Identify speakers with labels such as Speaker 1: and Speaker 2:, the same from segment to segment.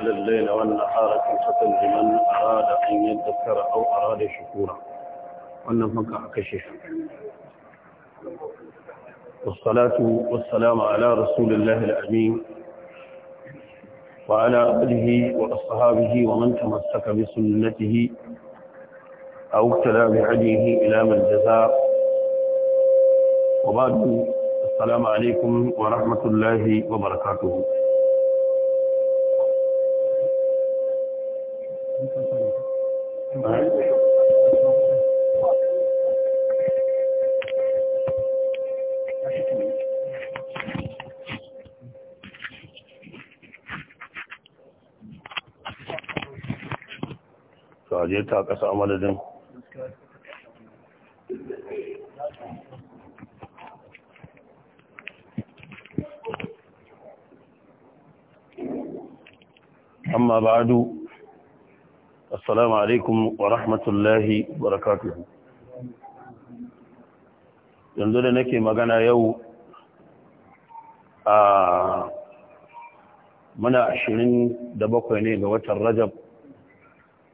Speaker 1: على الليل والنهار كنت لمن أراد أن يذكر أو أراد شكورا وان ونفق أكشف والصلاة والسلام على رسول الله الأمين وعلى اله وأصحابه ومن تمسك بسنته أو ابتلى بعليه إلى من الجزاء وبعد السلام عليكم ورحمة الله وبركاته je ta kasa a madadin amma ba'adu Yanzu da nake magana yau a mana مغانا da bakwai ne ga watan Rajab,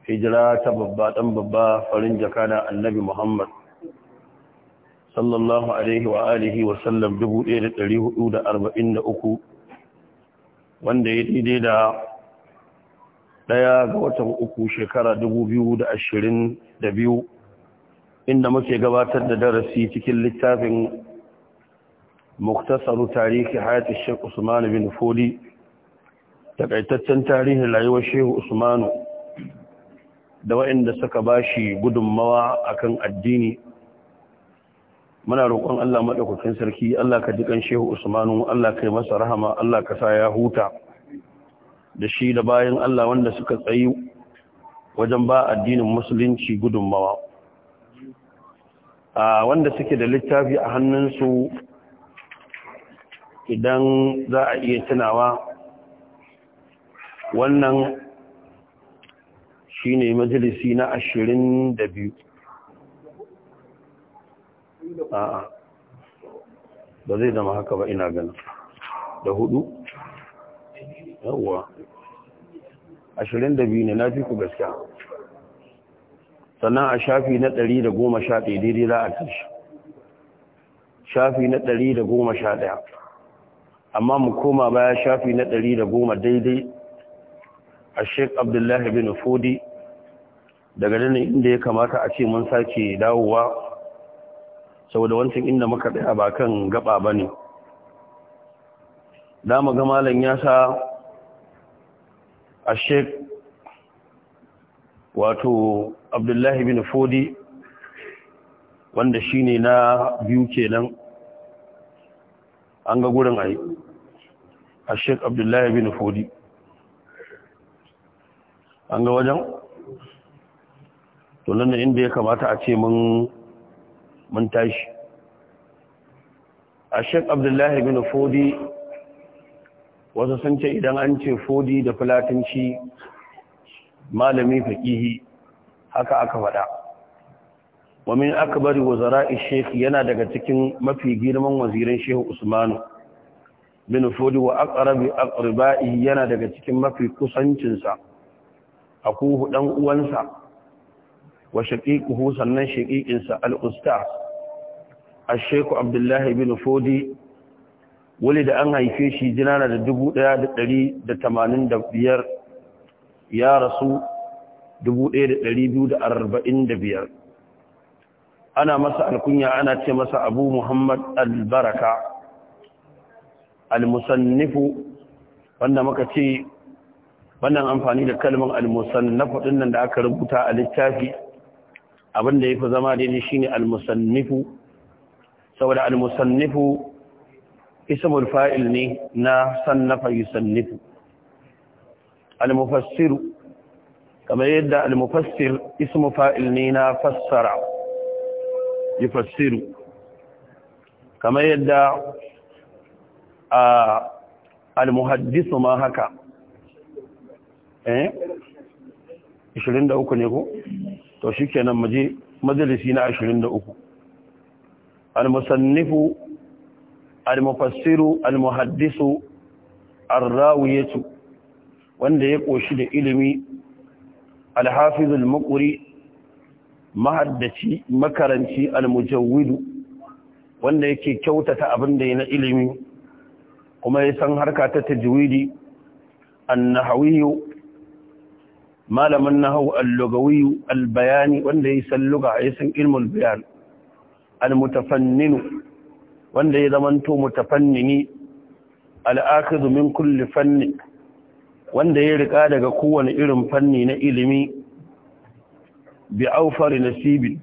Speaker 1: hijira ta babba ɗan babba farin jaka na annabi Muhammad sallallahu Alaihi wa alihi wa sallam 1443 wanda ya daidai da ɗaya ga watan uku shekara da biyu, inda muke gabatar da darasi cikin littafin muktasaru tarihi hayati shek usman bin foli takaitaccen tarihin rayuwar shehu usmanu da waɗanda suka bashi gudunmawa akan addini muna roƙon Allah maɗaukakin sarki Allah ka jiƙan shehu usmanu Allah ka yi masa rahama Allah ka sa ya huta da shi da bayan Allah wanda suka tsayi wajen ba addinin musulunci gudunmawa a wanda suke da littafi a hannunsu idan za a iya tunawa wannan shi ne majalisi na ashirin da biyu a'a ba zai zama haka ba ina gana da hudu yawwa ashirin da biyu ne na fi ku gaskiya sannan a shafi na ɗari da goma sha ɗaya daidai za a shi, shafi na ɗari da goma sha ɗaya amma mu koma baya shafi na ɗari da goma daidai a sheik abdullahi bin fodi daga nan inda ya kamata a ce mun sake dawowa saboda wancan inda muka ɗaya ba kan gaba ba ne da mu ga malam ya sa Ashek wato abdullahi bin fodi wanda shine na biyu kenan an ga gurin ayi a sheik abdullahi bin fodi an ga wajen tunan da inda ya kamata a ce mun tashi ashek abdullahi bin fodi wasu sun ce idan an ce fodi da fulatanci malami faƙihi haka aka faɗa wamin akbari wazara'i sheikh yana daga cikin mafi girman wazirin shehu usmanu bin fodi wa a aqribai yana daga cikin mafi kusancinsa kuhu ɗan uwansa wa shaqiquhu sannan shaƙiƙinsa alusta a al Abdullahi bin fodi wuli da an haife shi jinana da dubu ɗaya da ɗari da tamanin da biyar ya rasu dubu ɗaya da ɗari biyu da arba'in da biyar ana masa alkunya ana ce masa abu muhammad albaraka almusannifu wanda muka ce wannan amfani da kalmar almusannafu ɗin nan da aka rubuta a littafi abinda ya fi zama daidai shine almusannifu saboda almusannifu ismul fa'il ne na sannafa yusannifu al-mufassiru kamar yadda al-mufassir ismu na fassara yufassiru kamar yadda a al-muhaddisu ma haka eh 23 ne ko to shikenan maje majalisi na 23 al-musannifu almufassiru almuhaddisu arrawiyatu, wanda ya koshi da ilimi al-hafiz mahaddaci makaranci almujawidu. wanda yake kyautata abin da yana ilimi kuma ya san harka ta tajwidi an malamin nahawu al albayani wanda ya san lugha ya san ilmul bayan almutafanninu. wanda ya zamanto mutafannini al'akizu min kulli fanni wanda ya rika daga kowane irin fanni na ilimi bi aufari nasibi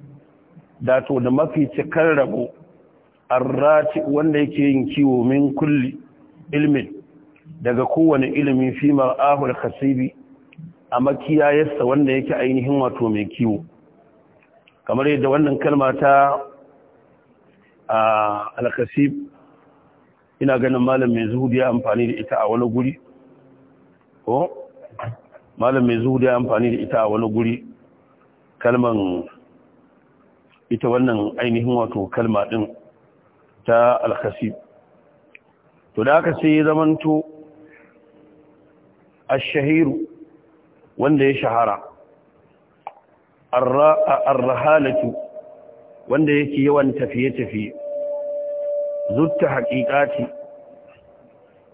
Speaker 1: da to da mafi cikar rabo arrati wanda yake yin kiwo min kulli ilmin daga kowane ilimi fi mar'ahul khasibi a makiyayarsa wanda yake ainihin wato mai kiwo kamar yadda wannan kalma ta alkasib ina ganin malam mai zuhudu ya amfani da ita a wani guri ko malam mai zuhudu ya amfani da ita a wani guri kalman ita wannan ainihin wato kalma din ta alkasib to da aka sai zamanto ash-shahiru wanda ya shahara ar-rahalatu wanda yake yawan tafiye-tafiye zutta haƙiƙati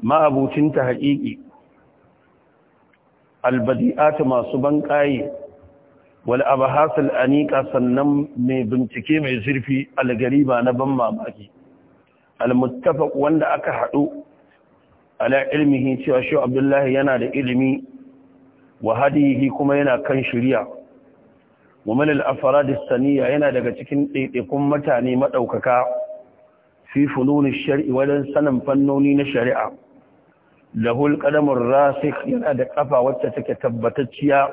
Speaker 1: ma'abucinta haƙiƙi albadi'atu masu banƙaye wal abahasul aniqa sannan mai bincike mai zurfi algariba na ban mamaki almuttafaq wanda aka haɗu ala ilmihi cewa shi Abdullahi yana da ilimi wa hadihi kuma yana kan shari'a wa min al saniya yana daga cikin ɗaiɗaikun mutane maɗaukaka. fi funun ash-shar'i wadan sanan fannoni na shari'a lahul qadamur rasikh yana da ƙafa wacce take tabbatacciya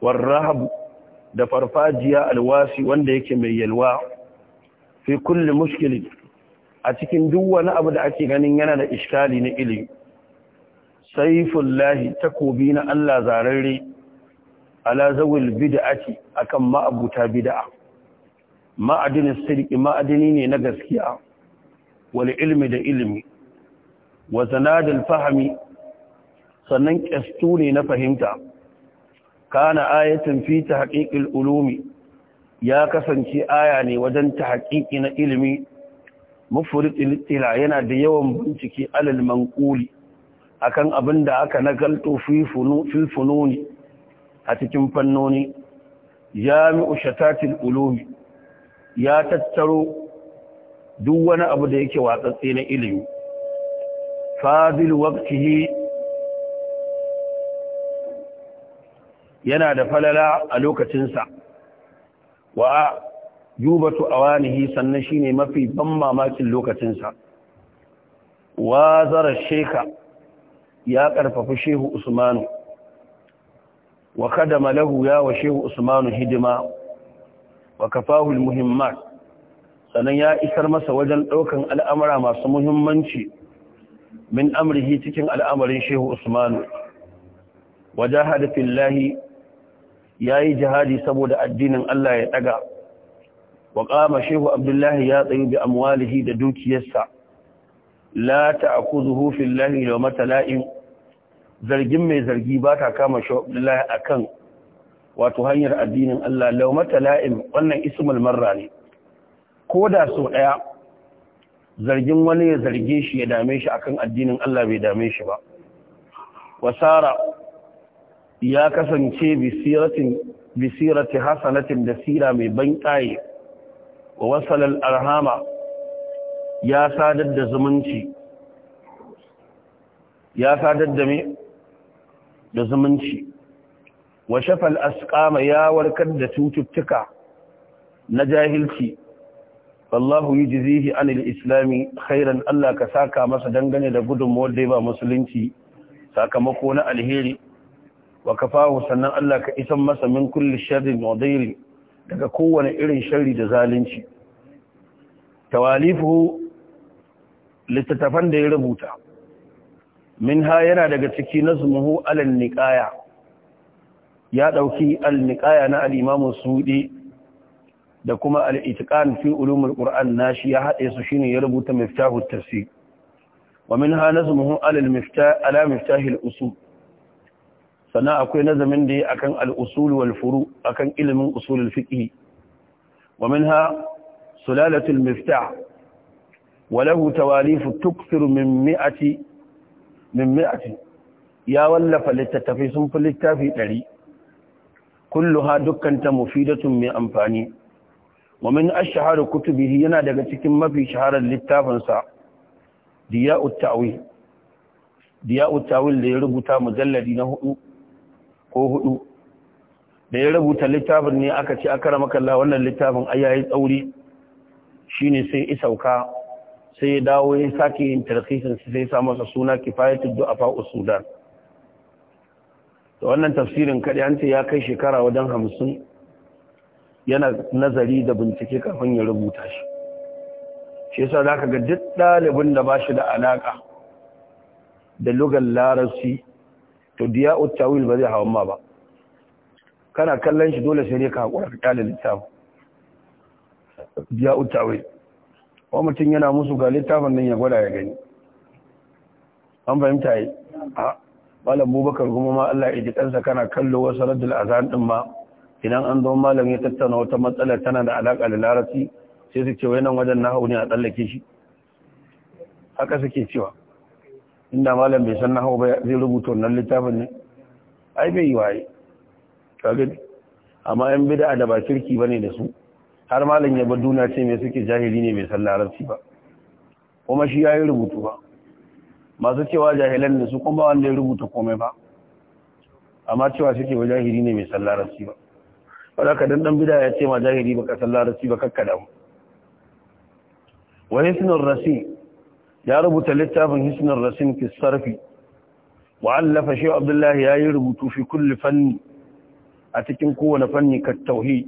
Speaker 1: war rahab da farfajiya alwasi wanda yake mai yalwa fi kulli mushkilin a cikin duk wani abu da ake ganin yana da iskali na ilimi saifullahi takobi na Allah zararre ala zawil bid'ati akan ma'abuta bid'a ma'adin sirqi ma'adini ne na gaskiya wal ilmi da ilmi wa zanadil fahmi sannan kastu ne na fahimta kana ayatan fi tahqiqil ulumi ya kasance aya ne wajen tahqiqi na ilmi mufrid al-ittila yana da yawan bincike alal manquli akan abin da aka nagalto fi fununi a cikin fannoni jami'u shatatil ulumi ya tattaro duk wani abu da yake watsatse na ilimi fadil waqtihi yana da falala a lokacinsa wa yubatu awanihi sannan shine mafi ban mamakin lokacinsa wa zara sheka ya karfafa shehu usmanu wa kadama ya wa shehu usmanu hidima wa muhimmat ya isar masa wajen ɗaukan al'amura masu muhimmanci min amrihi cikin al'amarin shehu usmanu wa jahada fillahi ya yi jihadi saboda addinin Allah ya ɗaga wa ƙama shehu abdullahi ya tsayu bi amwalihi da dukiyarsa la ta akuzuhu fillahi da matala'in zargin mai zargi ba ta kama sha'udullahi a kan wato hanyar addinin Allah laumata la'im wannan ismul marra ne ko da so ɗaya zargin wani ya zarge shi ya dame shi akan addinin Allah bai dame shi ba wasara ya kasance bisirati hasanatin da sira mai ban ƙaye wa wasalar arhama ya sadar da zumunci ya sadar da mai da zumunci wa shafal asqama ya warkar da cututtuka na jahilci wallahu yujzihi anil islami khairan Allah ka saka masa dangane da gudunmuwar da ba musulunci sakamako na alheri wa kafahu sannan Allah ka isan masa min kulli sharrin wa daga kowane irin sharri da zalunci tawalifu littattafan da ya rubuta minha yana daga ciki nazmuhu alal niqaya ya dauki al niqaya na al imam suudi da kuma al itiqan fi ulumul qur'an nashi ya hade su shine ya rubuta miftahu tafsir wa minha nazmuhu alal miftah ala miftahil usul sana akwai nazamin da akan al usul wal furu akan ilimin usulul fiqh wa minha sulalatul miftah وله تواليف تكثر من مئة min ya wallafa littattafai sun fi littafi ɗari kulluha dukkanta mufidatun mai amfani wa min kutubihi yana daga cikin mafi shaharar littafinsa. sa diya'ut ta'wil da ya rubuta mujalladi na hudu ko hudu da ya rubuta littafin ne aka ce aka ramaka Allah wannan littafin ayayi tsauri shine sai isauka sai ya dawo ya sake yin tarkisin sai ya samu masa suna kifayatul du'afa usudan to wannan tafsirin kadai an ce ya kai shekara wajen hamsin yana nazari da bincike kafin ya rubuta shi shi yasa zaka ga duk ɗalibin da ba shi da alaka da lugar larasi to diya uttawil ba zai hawan ma ba kana kallon shi dole sai ne ka haƙura ka ƙalin littafin diya uttawil wa mutum yana musu ga littafin nan ya gwada ya gani an fahimta yi a malam bubakar kuma ma Allah ya ji kansa kana kallo wasu raddul azan din ma idan an zo malam ya tattauna wata matsala tana da alaka da larabci sai su ce wayannan wajen na ne a tsallake shi haka suke cewa inda malam bai san hau ba zai rubuta wannan littafin ne ai bai yi waye kaga amma yan bid'a da ba kirki bane da su har malam ya bar duniya ce mai suke jahili ne bai san larabci ba kuma shi ya yi rubutu ba masu cewa jahilan da su kuma wanda ya rubuta komai ba amma cewa suke wa jahili ne bai san larabci ba wadda ka dandan bida ya ce ma jahili ba ka san larabci ba kakka damu wa hisnur rasi ya rubuta littafin hisnur rasin ki sarfi wa allafa shi abdullahi ya yi rubutu fi kulli fanni a cikin kowane fanni ka tauhi.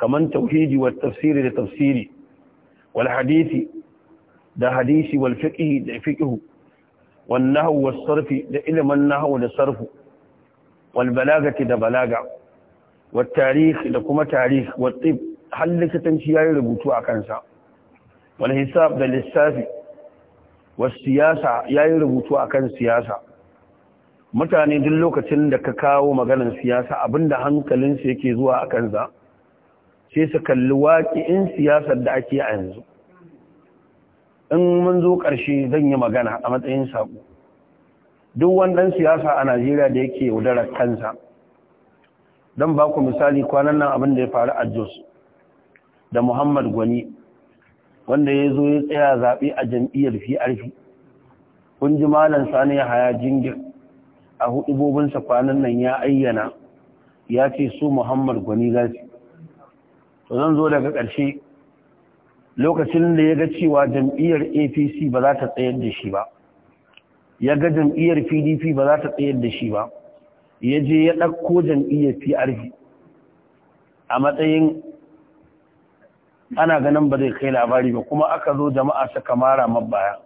Speaker 1: kaman tauhidi wa tafsiri da tafsiri wal hadisi da hadisi wal fiqhi da fiqhu wal nahwu was sarfi da ilmin nahwu da sarfu wal balagati da balaga wal tarihi da kuma tarihi wal tib hal likitanci yayi rubutu a kansa wal hisab da lissafi was siyasa yayi rubutu akan siyasa mutane duk lokacin da ka kawo maganar siyasa abinda hankalinsu yake zuwa a kansa sai su kalli in siyasar da ake a yanzu in mun zo ƙarshe zan yi magana a matsayin saƙo duk wannan siyasa a najeriya da yake yaudarar kansa don ba ku misali kwanan nan abin da ya faru a jos da muhammad gwani wanda ya zo ya tsaya zaɓe a jam'iyyar arfi kun ji malam sani ya haya jingir a hudubobinsa kwanan nan ya ayyana ya ce su muhammad gwani za su to zan zo daga ƙarshe lokacin da ya ga cewa jam'iyyar apc ba za ta tsayar da shi ba ya ga jam'iyyar pdp ba za ta tsayar da shi ba ya je ya ɗauko jam'iyyar PRP. a matsayin ana ganin ba zai kai labari ba kuma aka zo jama'a suka mara mabaya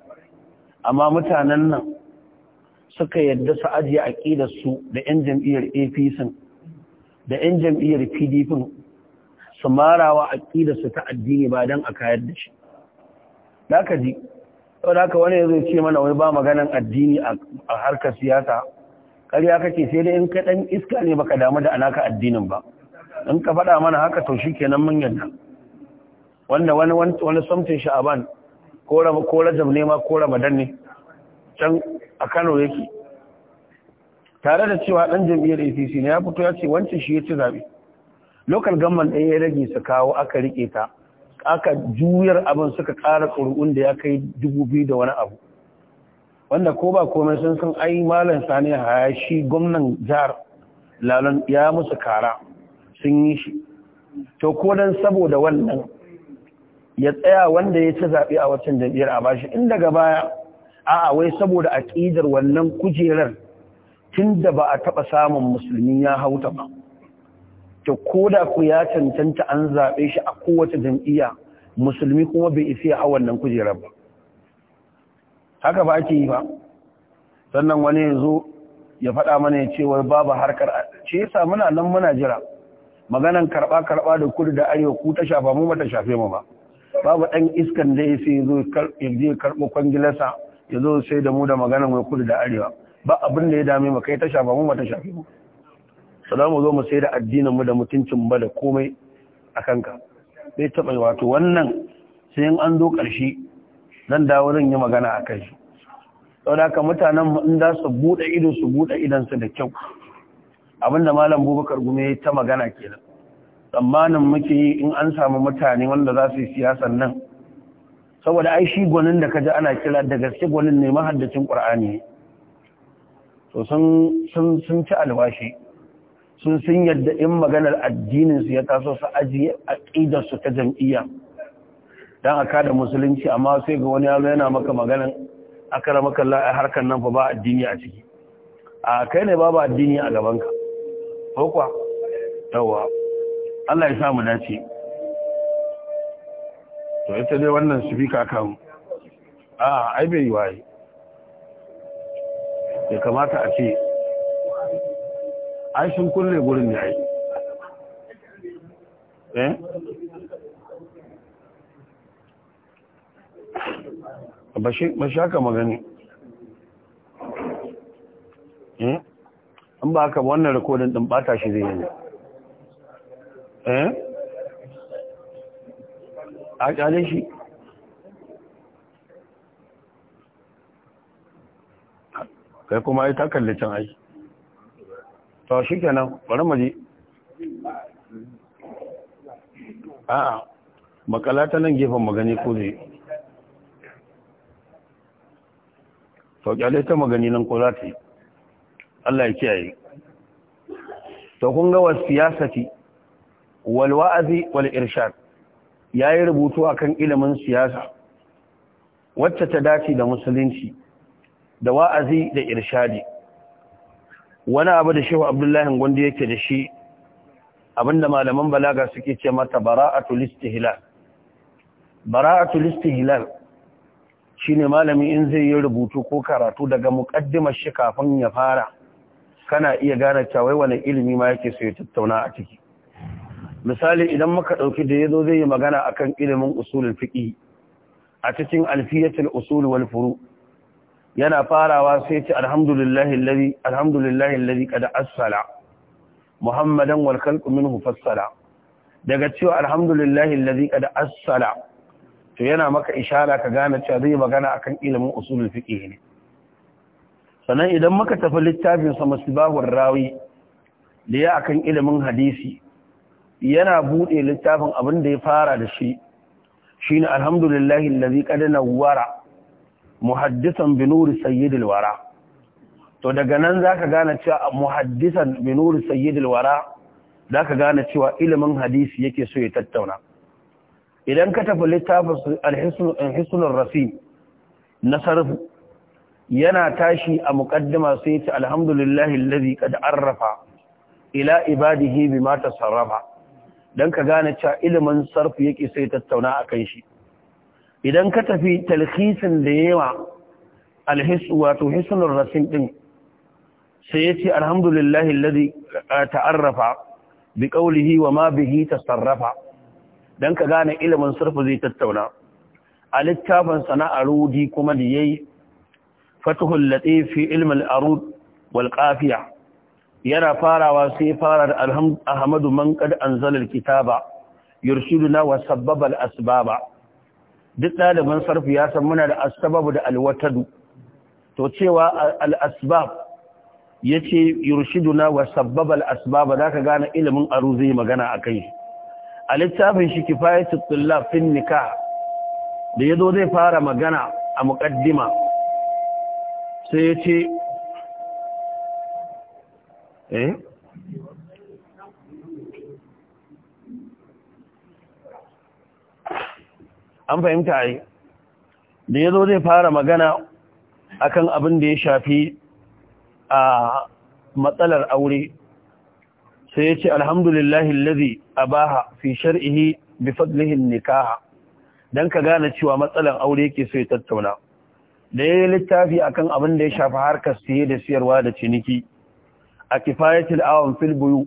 Speaker 1: amma mutanen nan suka yadda su ajiye aƙidarsu da 'yan jam'iyyar apc da 'yan jam'iyyar pdp su marawa a su ta addini ba don a kayar da shi ka ji saboda haka wani ya zo ce mana wai ba maganan addini a harkar siyasa ƙarya kake sai dai in ka dan iska ne baka damu da anaka addinin ba in ka faɗa mana haka to kenan mun yadda wanda wani wani samtin sha'aban ko rajab ne ma ko ramadan ne can a Kano yake tare da cewa ɗan jam'iyyar ACC ne ya fito ya ce wancan shi ya ci zaɓe. local government ɗaya ya rage su kawo aka riƙe ta aka juyar abin suka ƙara ƙuri'un da ya kai dubu biyu da wani abu wanda ko ba komai sun san ai malam sani haya shi gwamnan jihar lalon ya musu kara sun yi shi to ko dan saboda wannan ya tsaya wanda ya ci zaɓe a wacin jam'iyyar a bashi in daga baya a'a wai saboda aƙidar wannan kujerar tun da ba a taɓa samun musulmi ya hauta ba to ko da ku ya cancanta an zaɓe shi a kowace jam'iyya musulmi kuma bai isi a wannan kujerar ba haka ba ake yi ba sannan wani ya ya faɗa mana ya cewar babu harkar ce yasa muna nan muna jira maganan karɓa-karɓa da kudu da arewa ku ta shafa mu ba ta shafe mu ba babu ɗan iskan da ya sai zo ya karɓo kwangilasa ya zo sai da mu da maganan mai kudu da arewa ba abin da ya dame mu kai ta shafa mu ba ta shafe mu To za mu zo mu sai da addininmu da mutuncin ba da komai a kanka bai taɓa yi wato wannan sai an zo ƙarshe zan dawo zan yi magana a kai sau da mutanen in za su buɗe ido su buɗe idansu da kyau abinda malam bubakar gume ta magana kenan tsammanin muke yi in an samu mutane wanda za su yi siyasan nan saboda ai shi gwanin da ji ana kira da gaske gwanin ne mahaddacin ƙur'ani to sun ci alwashi sun sun yadda in maganar addininsu ya taso su ajiye aƙidarsu ta jam'iyya don aka da musulunci amma sai ga wani yaro yana maka maganin akara maka harkar nan fa ba addini a ciki a kai ne babu addini a gabanka ko kuwa yawa Allah ya samu dace to ita dai wannan sifika kan a ai bai waye ya kamata a ce Aishin kulle gurin ya yi. eh ba shi haka magani eh an ba ka wannan rikodin din bata shi zai yi eh a kyale shi kai kuma ai ta kalli can aiki to shi kenan bari mu je a'a makala ta nan gefen magani ko zai to kyale ta magani nan ko za ta yi Allah ya kiyaye to kun ga wasu siyasati wal wa'azi wal irshad yayi rubutu akan ilimin siyasa wacce ta dace da musulunci da wa'azi da irshadi wani abu da shehu abdullahi gwanda yake da shi abinda malaman balaga suke ce mata bara'atul istihlal bara'atul istihlal shine malami in zai yi rubutu ko karatu daga muqaddimar shi kafin ya fara kana iya gane wai wani ilimi ma yake so ya tattauna a ciki misali idan muka dauki da ya zo zai yi magana akan ilimin usulul fiqh a cikin alfiyatul usul wal furu' yana farawa sai ce alhamdulillahi allazi alhamdulillahi assala muhammadan wal min minhu daga cewa alhamdulillahi allazi kada assala to yana maka ishara ka gane cewa zai magana akan ilimin usulul fike. ne sannan idan muka tafi littafin sa masbahur rawi da ya akan ilimin hadisi yana bude littafin abin da ya fara da shi shine alhamdulillahi allazi qad nawwara muhaddisan bi nuri sayyidil wara to daga nan zaka gane cewa muhaddisan bi nuri sayyidil wara zaka gane cewa ilimin hadisi yake so ya tattauna idan ka tafi littafin al-hisnul rasim na yana tashi a muqaddima sai ya ce alhamdulillahi allazi qad arrafa ila ibadihi bima tasarrafa dan ka gane cewa ilimin sarfi yake ya tattauna akan shi idan ka tafi talhisin da yawa alhisu wato hisunan rasin ɗin sai ya ce alhamdulillahi lalazi ta'arrafa bi ƙaulihi wa ma bihi ta sarrafa don ka gane ilimin sarfa zai tattauna a littafin sana'a rudi kuma da ya yi fatihun latsi fi ilimin arud wal yana farawa sai fara da alhamdu man kad anzalal kitaba yurshiduna wa sabbabal asbaba duk ɗaliban sarfi ya san muna da asbab da alwatadu to cewa al-asbab yace yurshiduna wa sabbaba al-asbab ka gane ilimin aruzi magana akai a littafin shi kifayatul tullab fin nikah da yado zai fara magana a muqaddima sai yace eh an fahimta ai da yazo zai fara magana akan abin da ya shafi a matsalar aure sai ya alhamdulillahi allazi abaha fi shar'ihi bi fadlihi nikaha dan ka gane cewa matsalar aure yake so ya tattauna da yayin littafi akan abin da ya shafi harkar siye da siyarwa da ciniki a kifayatul awam fil buyu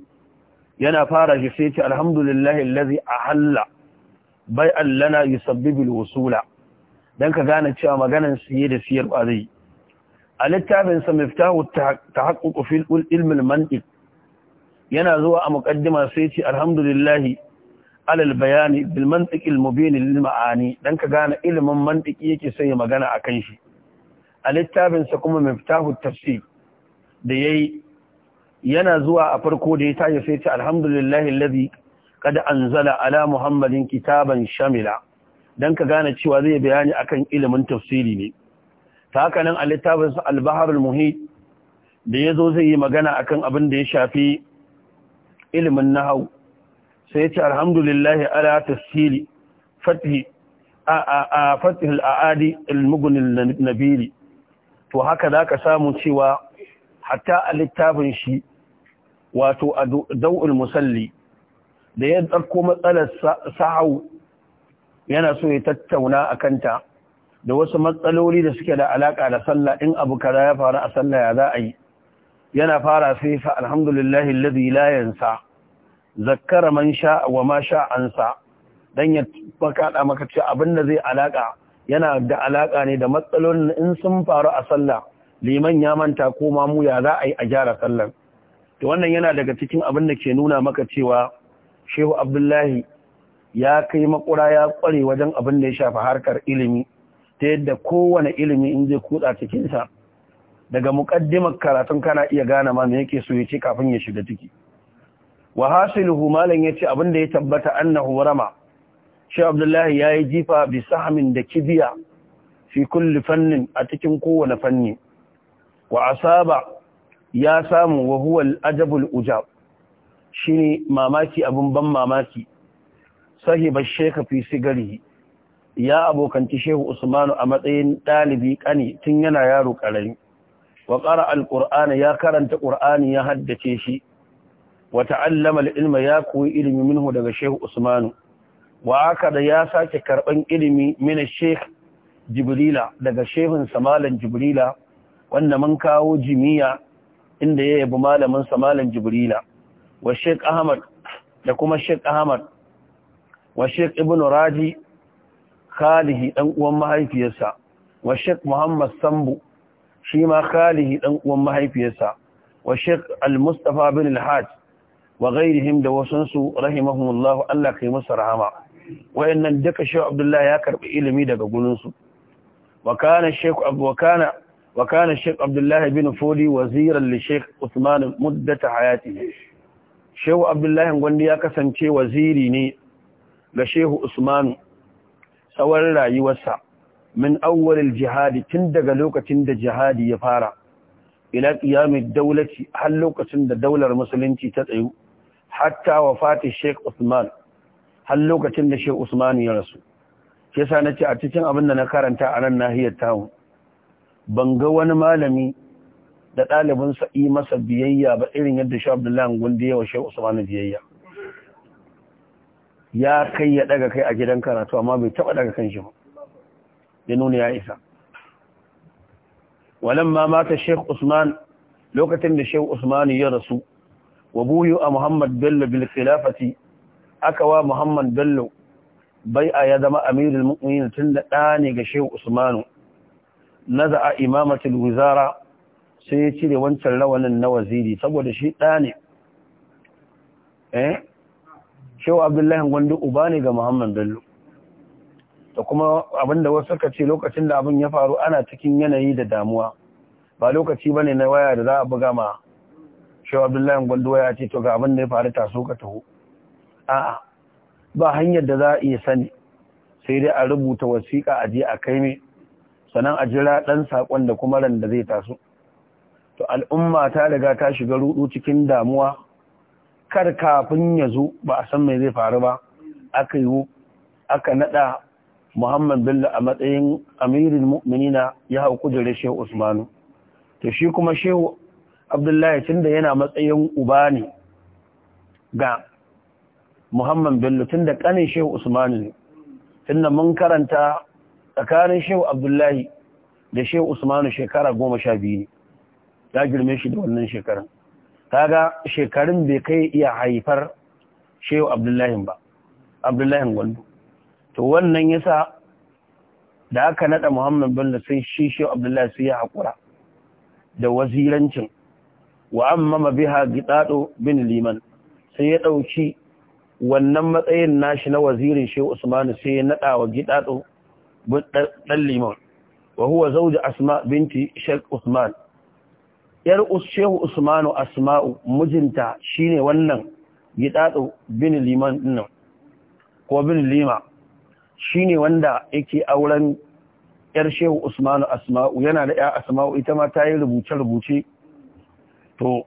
Speaker 1: yana fara shi sai ya ce alhamdulillahi allazi ahalla bai allana yusabbibil wusula dan ka gane cewa maganan siye da siyarwa zai a littafin sa miftahu tahaqquq fil ilm ilmin mantiq yana zuwa a muƙaddima sai ce alhamdulillah alal bayani bil mantiq al lil ma'ani dan ka gane ilimin mantiki yake sai magana a kan shi a littafin sa kuma miftahu tafsir da yayi yana zuwa a farko da ya tayi sai ce alhamdulillah kada zala ala muhammadin kitaban shamila dan ka gane cewa zai bayani akan ilimin tafsiri ne ta haka nan a littafinsa sa al-bahr al-muhit da yazo zai yi magana akan abin da ya shafi ilimin hau sai ce alhamdulillahi, ala tafsiri fathi a fathi al to haka zaka samu cewa hatta a littafin shi wato a dau'ul musalli da ya ɗarko matsalar sahau yana so ya tattauna a kanta da wasu matsaloli da suke da alaƙa da sallah in abu kaza ya faru a sallah ya za a yi yana fara sai fa alhamdulillahi alladhi la yansa zakkara man sha wa ma sha ansa dan ya baka maka ce abinda zai alaka yana da alaƙa ne da matsalolin in sun faru a sallah liman ya manta ko ma mu ya za a yi a gyara sallar to wannan yana daga cikin abin da ke nuna maka cewa shehu abdullahi ya kai makura ya ƙware wajen abin da ya shafi harkar ilimi ta yadda kowane ilimi in zai kuda cikinsa daga muƙaddimar karatun kana iya gane ma me yake so ya ce kafin ya shiga ciki wa malam ya ce abin da ya tabbata annahu rama shi abdullahi yi jifa bi sahmin da kibiya fi kulli fannin a cikin kowane fanni wa asaba ya samu wa huwa al-ajabul ujab shine mamaki abin ban mamaki sahiba sheka fi sigari ya abokanci shehu usmanu a matsayin ɗalibi ƙani tun yana yaro ƙarari. wa ƙara alƙur'ani ya karanta ƙur'ani ya haddace shi Wata ta'allama ilma ya koyi ilimi minhu daga shehu usmanu wa aka da ya sake karɓan ilimi mina sheikh jibrila daga shehun samalan jibrila wanda mun kawo jimiya inda ya yabi malamin samalan jibrila wa Sheikh Ahmad da kuma Sheikh Ahmad wa Sheikh Ibn Raji khalihi dan uwan mahaifiyarsa wa Sheikh Muhammad Sambu shi ma khalihi dan uwan mahaifiyarsa wa Sheikh Al-Mustafa bin Al-Hajj wa ghairihim da wasansu rahimahumullahu Allah kai musu rahama wayannan duka Sheikh Abdullah ya karbi ilimi daga gurinsu wa kana Sheikh Abu wa kana وكان الشيخ عبد الله بن shehu abdullahi gwandi ya kasance waziri ne ga shehu usmanu tsawon rayuwarsa min awwalil jihadi tun daga lokacin da jihadi ya fara ila qiyamid dawlati har lokacin da daular musulunci ta tsayu hatta wafati sheikh usman har lokacin da sheikh usman ya rasu yasa ce a cikin abin da na karanta a nan nahiyar tawo ban ga wani malami da ɗalibinsa yi masa biyayya ba irin yadda shi abdullahi gundi yawa shi usmanu biyayya ya kai ya ɗaga kai a gidan karatu amma bai taba daga kan shi ba ya nuna ya isa walamma mata sheikh usman lokacin da sheikh usman ya rasu wa buyu a muhammad bello bil khilafati aka wa muhammad bello a ya zama amirul mu'minin tun da ɗa ne ga sheikh na naza'a imamatul wizara sai ya cire wancan rawanin na waziri saboda shi ɗa ne eh shehu abdullahi gwandu uba ne ga muhammad bello da kuma abinda wasu suka ce lokacin da abin ya faru ana cikin yanayi da damuwa ba lokaci bane na waya da za a buga ma shehu abdullahi gwandu waya ce to ga abin da ya faru taso ka taho a'a ba hanyar da za a iya sani sai dai a rubuta wasiƙa a je a kai mai sannan a jira ɗan saƙon da kuma ran da zai taso to al'umma ta riga ta shiga rudu cikin damuwa kar kafin ya zo ba a san me zai faru ba aka yi aka nada Muhammad Bello a matsayin amirin mu'minina ya hau kujerar Shehu Usmanu to shi kuma Shehu Abdullahi tunda yana matsayin uba ne ga Muhammad Bello tunda kanin Shehu Usmanu ne tunda mun karanta tsakanin Shehu Abdullahi da Shehu Usmanu shekara goma sha biyu ne ya girme shi da wannan shekarun ga shekarun bai kai iya haifar shehu abdullahi ba abdullahi gwandu to wannan yasa da aka nada muhammad bello sai shi shehu abdullahi sai ya haƙura da wazirancin wa amma biha gidado bin liman sai ya ɗauki wannan matsayin nashi na wazirin shehu usmanu sai ya nada wa gidado ɗan liman wa huwa zauji asma binti shek usman yar shehu usmanu asma'u mijinta shine wannan gidado bin liman ko bin lima shine wanda yake auren yar shehu usmanu asma'u yana da ya asma'u ita ma ta yi rubuce rubuce to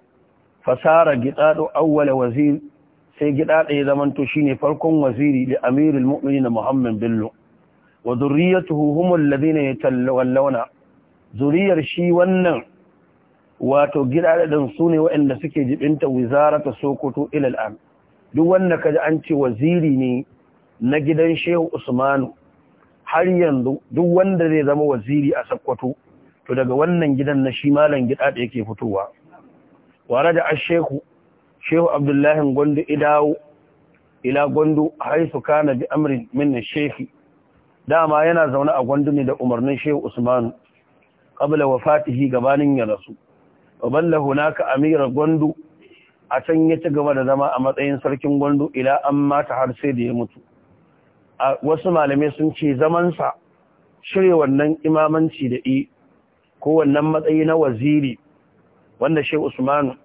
Speaker 1: fasara gidadu awwala wazir sai gidado ya zamanto shine farkon waziri da amirul mu'minin muhammad bello wa zurriyatuhu humul ladina yatallawna zuriyar shi wannan wato gidaɗin su ne waɗanda suke jibinta wizarata sokoto ilal an duk wanda kaji an ce waziri ne na gidan shehu usmanu har yanzu duk wanda zai zama waziri a sakkwato to daga wannan gidan na shi malam gida da yake fitowa wara da ashehu shehu abdullahi gondo idawo ila gondo haisu kana bi amrin min shehi dama yana zaune a gondo ne da umarnin shehu usman qabla wafatihi gabanin ya rasu wabanda hunaka amira gwandu a can ya ci gaba da zama a matsayin sarkin gwandu ila an mata har sai da ya mutu a wasu malamai sun ce zamansa shirya wannan imamanci da i ko wannan matsayi na waziri wanda shi usmanu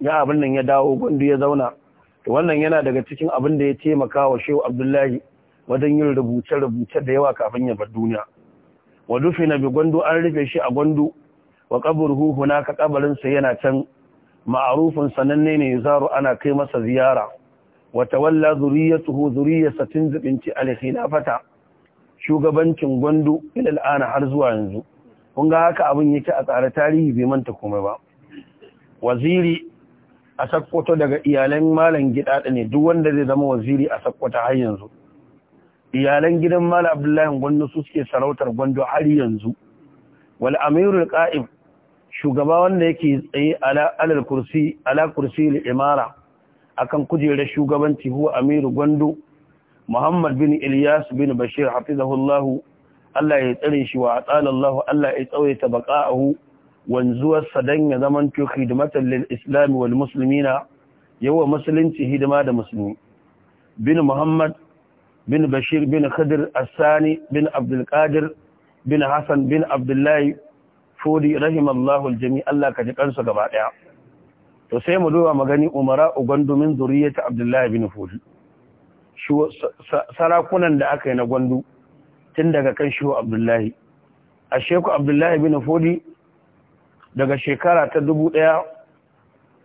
Speaker 1: ya abin nan ya dawo gwandu ya zauna to wannan yana daga cikin abin da ya taimaka wa shehu abdullahi wajen yin rubuce-rubuce da yawa kafin ya bar duniya wa na bi gwandu an rufe shi a gwandu wa qabruhu na ka sa yana can ma'arufin sananne ne zaro ana kai masa ziyara wa tawalla zuriyatuhu zuriyasatin zubinci alkhilafata shugabancin gwandu ilal ana har zuwa yanzu kun ga haka abin yake a tsare tarihi bai manta komai ba waziri a sakkwato daga iyalan malam gida ne duk wanda zai zama waziri a sakkwato har yanzu iyalan gidan malam abdullahi gwandu su suke sarautar gwandu har yanzu wal amirul qa'im shugaba wanda yake tsaye alal kursi ala kursi al-imara akan kujerar shugabanci huwa amiru Gwandu, muhammad bin ilyas bin bashir hafizahullahu Allah ya tsare shi wa atsalallahu Allah ya tsawaita wanzuwar wanzuwarsa dan ya zaman to khidmatan lil islam wal muslimina yawa musulunci hidima da musulmi bin muhammad bin bashir bin Kadir as-sani bin abdul qadir bin hasan bin abdullahi fodi rahimallahu aljami Allah ka ji kansu gaba daya to sai mu duba magani umara ugandumin ta abdullahi bin fodi sarakunan da aka yi na gwandu tun daga kan shiwu abdullahi a sheku abdullahi bin fodi daga shekara ta dubu ɗaya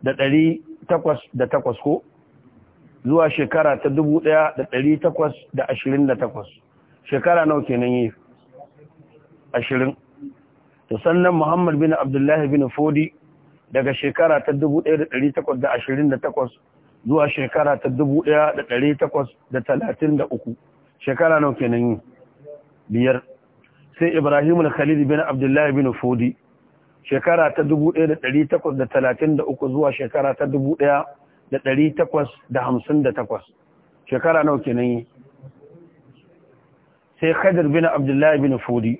Speaker 1: da ɗari takwas da takwas ko zuwa shekara ta dubu ɗaya da ɗari takwas da ashirin da takwas shekara nau kenan yi ashirin to sannan Muhammad bin Abdullah bin Fodi daga shekara ta 1828 zuwa shekara ta 1833 shekara nau kenan yi? biyar sai Ibrahim al-Khalid bin Abdullah bin Fodi shekara ta 1833 zuwa shekara ta 1858 shekara nau kenan sai Khadir bin Abdullahi bin Fodi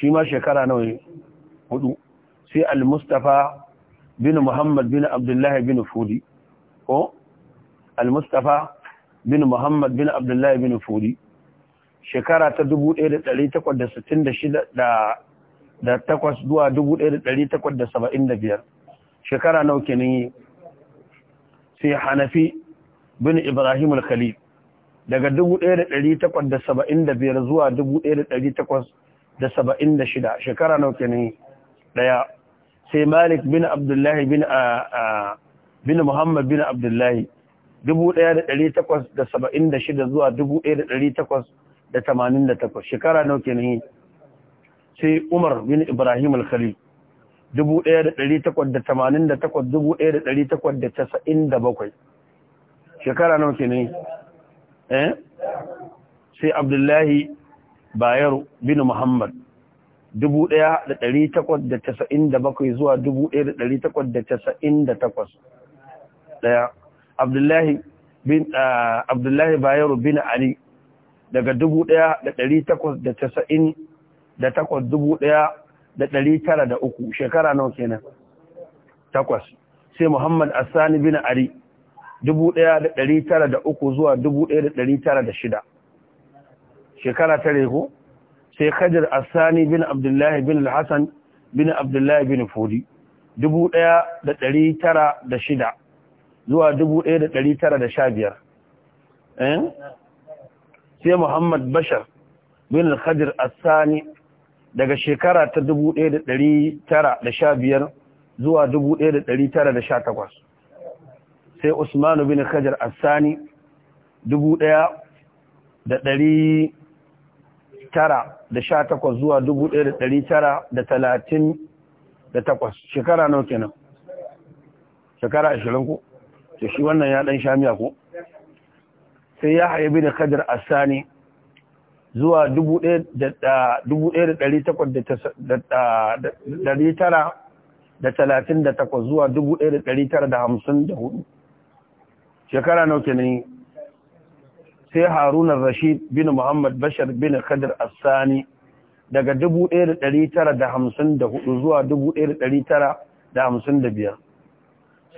Speaker 1: shi ma shekara nawa hudu sai al-mustafa bin muhammad bin abdullahi bin fudi ko al-mustafa bin muhammad bin abdullahi bin fudi shekara ta 1866 da da takwas zuwa 1875 shekara nawa kenan sai hanafi bin ibrahim al-khalil daga 1875 zuwa takwas. da saba'in da shida shekara nau kenan ɗaya sai malik bin abdullahi bin muhammad bin abdullahi dubu ɗaya da ɗari takwas da saba'in da shida zuwa dubu ɗaya da ɗari takwas da tamanin da takwas shekara nau kenan sai umar bin ibrahim al-khalil 1888-1897 shekara nau ke ne eh sai abdullahi bayero bin muhammad dubu ɗaya da da da ɗari takwas bakwai zuwa dubu ɗaya da ɗari takwas 1898 daya abdullahi bin abdullahi bayero bin ali daga dubu ɗaya da ɗari takwas da da takwas dubu ɗaya da ɗari tara da uku shekara nawa kenan takwas sai muhammad asani bin Ali dubu ɗaya da ɗari tara da uku zuwa dubu ɗaya da ɗari tara da shida shekara ta reko sai Khadir Asani bin Abdullahi bin Al-Hassan bin Abdullahi bin Fodi 1906 zuwa 1915 eh sai Muhammad Bashar bin Khadir Asani daga shekara ta 1915 zuwa 1918 sai Usmanu bin Khadir Asani 1900 tara da sha takwas zuwa dubu ɗaya da ɗari tara da talatin da takwas shekara nau kenan shekara ashirin ku to shi wannan ya ɗan shamiya ku sai ya haibi da kadar Sani zuwa dubu ɗaya da ɗari tara da talatin da takwas zuwa dubu ɗaya da ɗari tara da hamsin da hudu shekara nau kenan sai haruna rashid bin muhammad bashar bin kadir assani daga 1954 zuwa 1955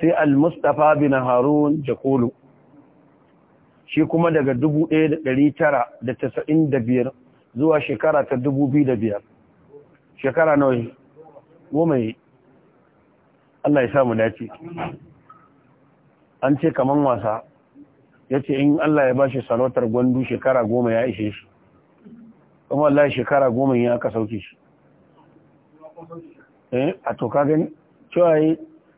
Speaker 1: sai al-mustafa bin harun jakulu shi kuma daga 1995 zuwa shekara ta 2005 shekara nawa goma yi Allah ya samu dace an ce kaman wasa ya ce in Allah ya bashi sarautar gwandu shekara goma ya ishe shi kuma Allah shekara goma ya aka sauke shi eh, a to ka gani cewa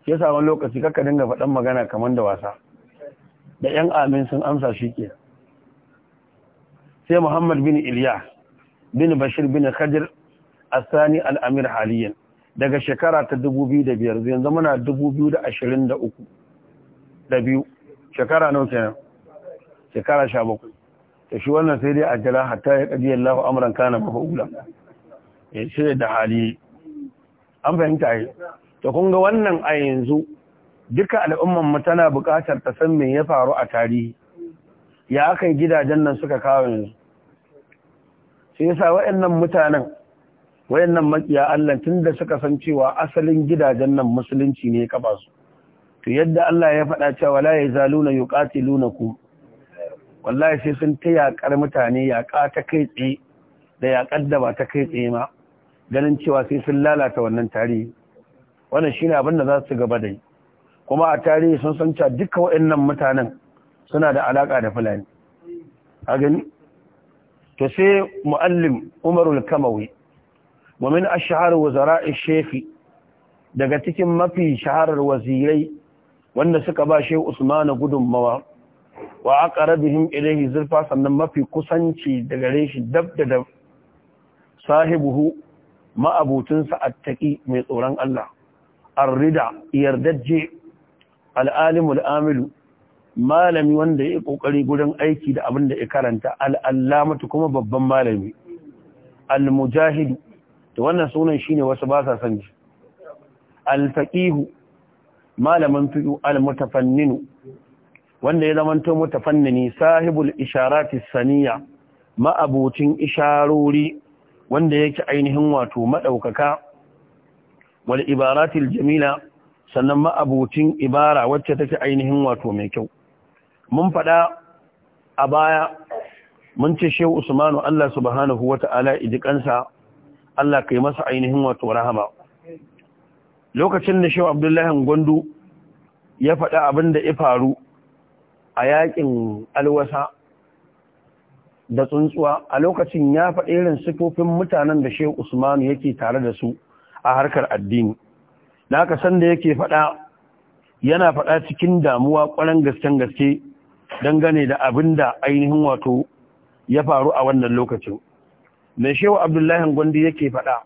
Speaker 1: ya samu lokaci kaka dinga faɗan magana kamar da wasa da ‘yan amin sun amsa shi ke sai Muhammad bin Iliya bin Bashir bin Khadir Asani al'amir haliyan daga shekara ta 2005 yanzu muna 2023 da biyu shekara nau kenan shekara sha bakwai ta shi wannan sai dai a jira hatta ya ƙaji Allah amuran kana ula ya ce da hali an fahimta yi ta kunga wannan a yanzu duka al'umman mu tana buƙatar ta san me ya faru a tarihi ya aka gidajen nan suka kawo yanzu sai yasa wa'annan mutanen wa'annan makiya Allah tun da suka san cewa asalin gidajen nan musulunci ne ya kafa su to yadda Allah ya faɗa cewa la yazaluna yuqatilunakum wallahi sai sun ta yaƙar mutane yaƙa ta kai tsaye da yaƙar da ba ta kai tsaye ma ganin cewa sai sun lalata wannan tarihi wannan shi ne abin da za su gaba da yi kuma a tarihi sun san cewa duka waɗannan mutanen suna da alaƙa da fulani a gani to sai muallim umarul kamawi wa min ashhar wazara'i shefi daga cikin mafi shaharar wazirai wanda suka ba shi usmanu gudunmawa wa bihim ilayhi zulfa sannan mafi kusanci da gare shi dab da dab sahibuhu ma'abutinsa attaqi mai tsoron Allah arrida yardajje al'alimul amilu malami wanda ya kokari gurin aiki da abin da ya karanta al'allamatu kuma babban malami al-mujahidu to wannan sunan shine wasu ba sa sani al-faqihu malamin fiqh al-mutafanninu wanda ya zamanto mutafannini sahibul isharati saniya ma'abucin isharori wanda yake ainihin wato madaukaka wal ibaratil jamila sannan ma'abucin ibara wacce take ainihin wato mai kyau mun fada a baya mun ce shehu usmanu Allah subhanahu wata'ala idikansa Allah kai masa ainihin wato rahama lokacin da shehu abdullahi Gondu ya faɗa abin da ya faru a yaƙin alwasa da tsuntsuwa a lokacin ya faɗi irin sifofin mutanen da shehu usmanu yake tare da su a harkar addini na ka san da yake faɗa yana faɗa cikin damuwa ƙwarar gasken gaske dangane da abin da ainihin wato ya faru a wannan lokacin mai shehu abdullahi gwandi yake faɗa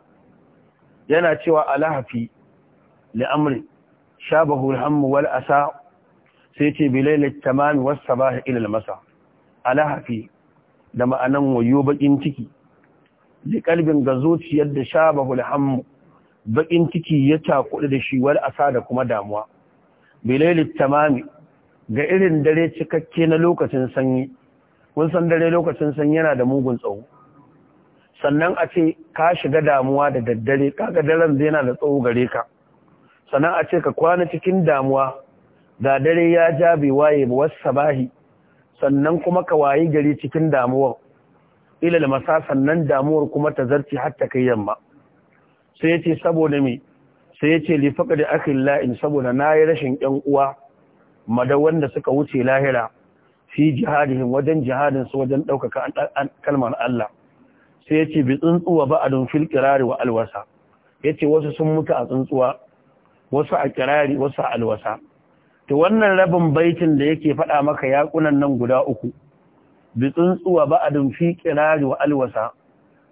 Speaker 1: yana cewa alahafi li'amri shabahul hammu wal asa sai ce bilailat tamami wasu sabah ila ilil masa alahafi da ma'anan wayo bakin ciki li kalbin ga zuciyar da sha al hammu bakin ciki ya takudu da shi wal asa da kuma damuwa bilailat tamami ga irin dare cikakke na lokacin sanyi kun san dare lokacin sanyi yana da mugun tsawo sannan a ce ka shiga damuwa da daddare kaga daren zai yana da tsawo gare ka sannan a ce ka kwana cikin damuwa da dare ya ja bai waye ba wasu bahi, sannan kuma ka wayi gari cikin damuwar ilal masa sannan damuwar kuma ta zarci har ta kai yamma sai ya ce saboda me sai ya ce lifaka da akin la'in saboda na yi rashin ‘yan uwa mada wanda suka wuce lahira fi jihadihin wajen jihadinsu wajen ɗaukaka kalmar Allah sai ya ce bi tsuntsuwa ba a don kirari wa alwasa ya ce wasu sun mutu a tsuntsuwa wasu a kirari wasu a alwasa to wannan rabin baitin da yake faɗa maka yakunan nan guda uku bi tsuntsuwa a fi qirari wa alwasa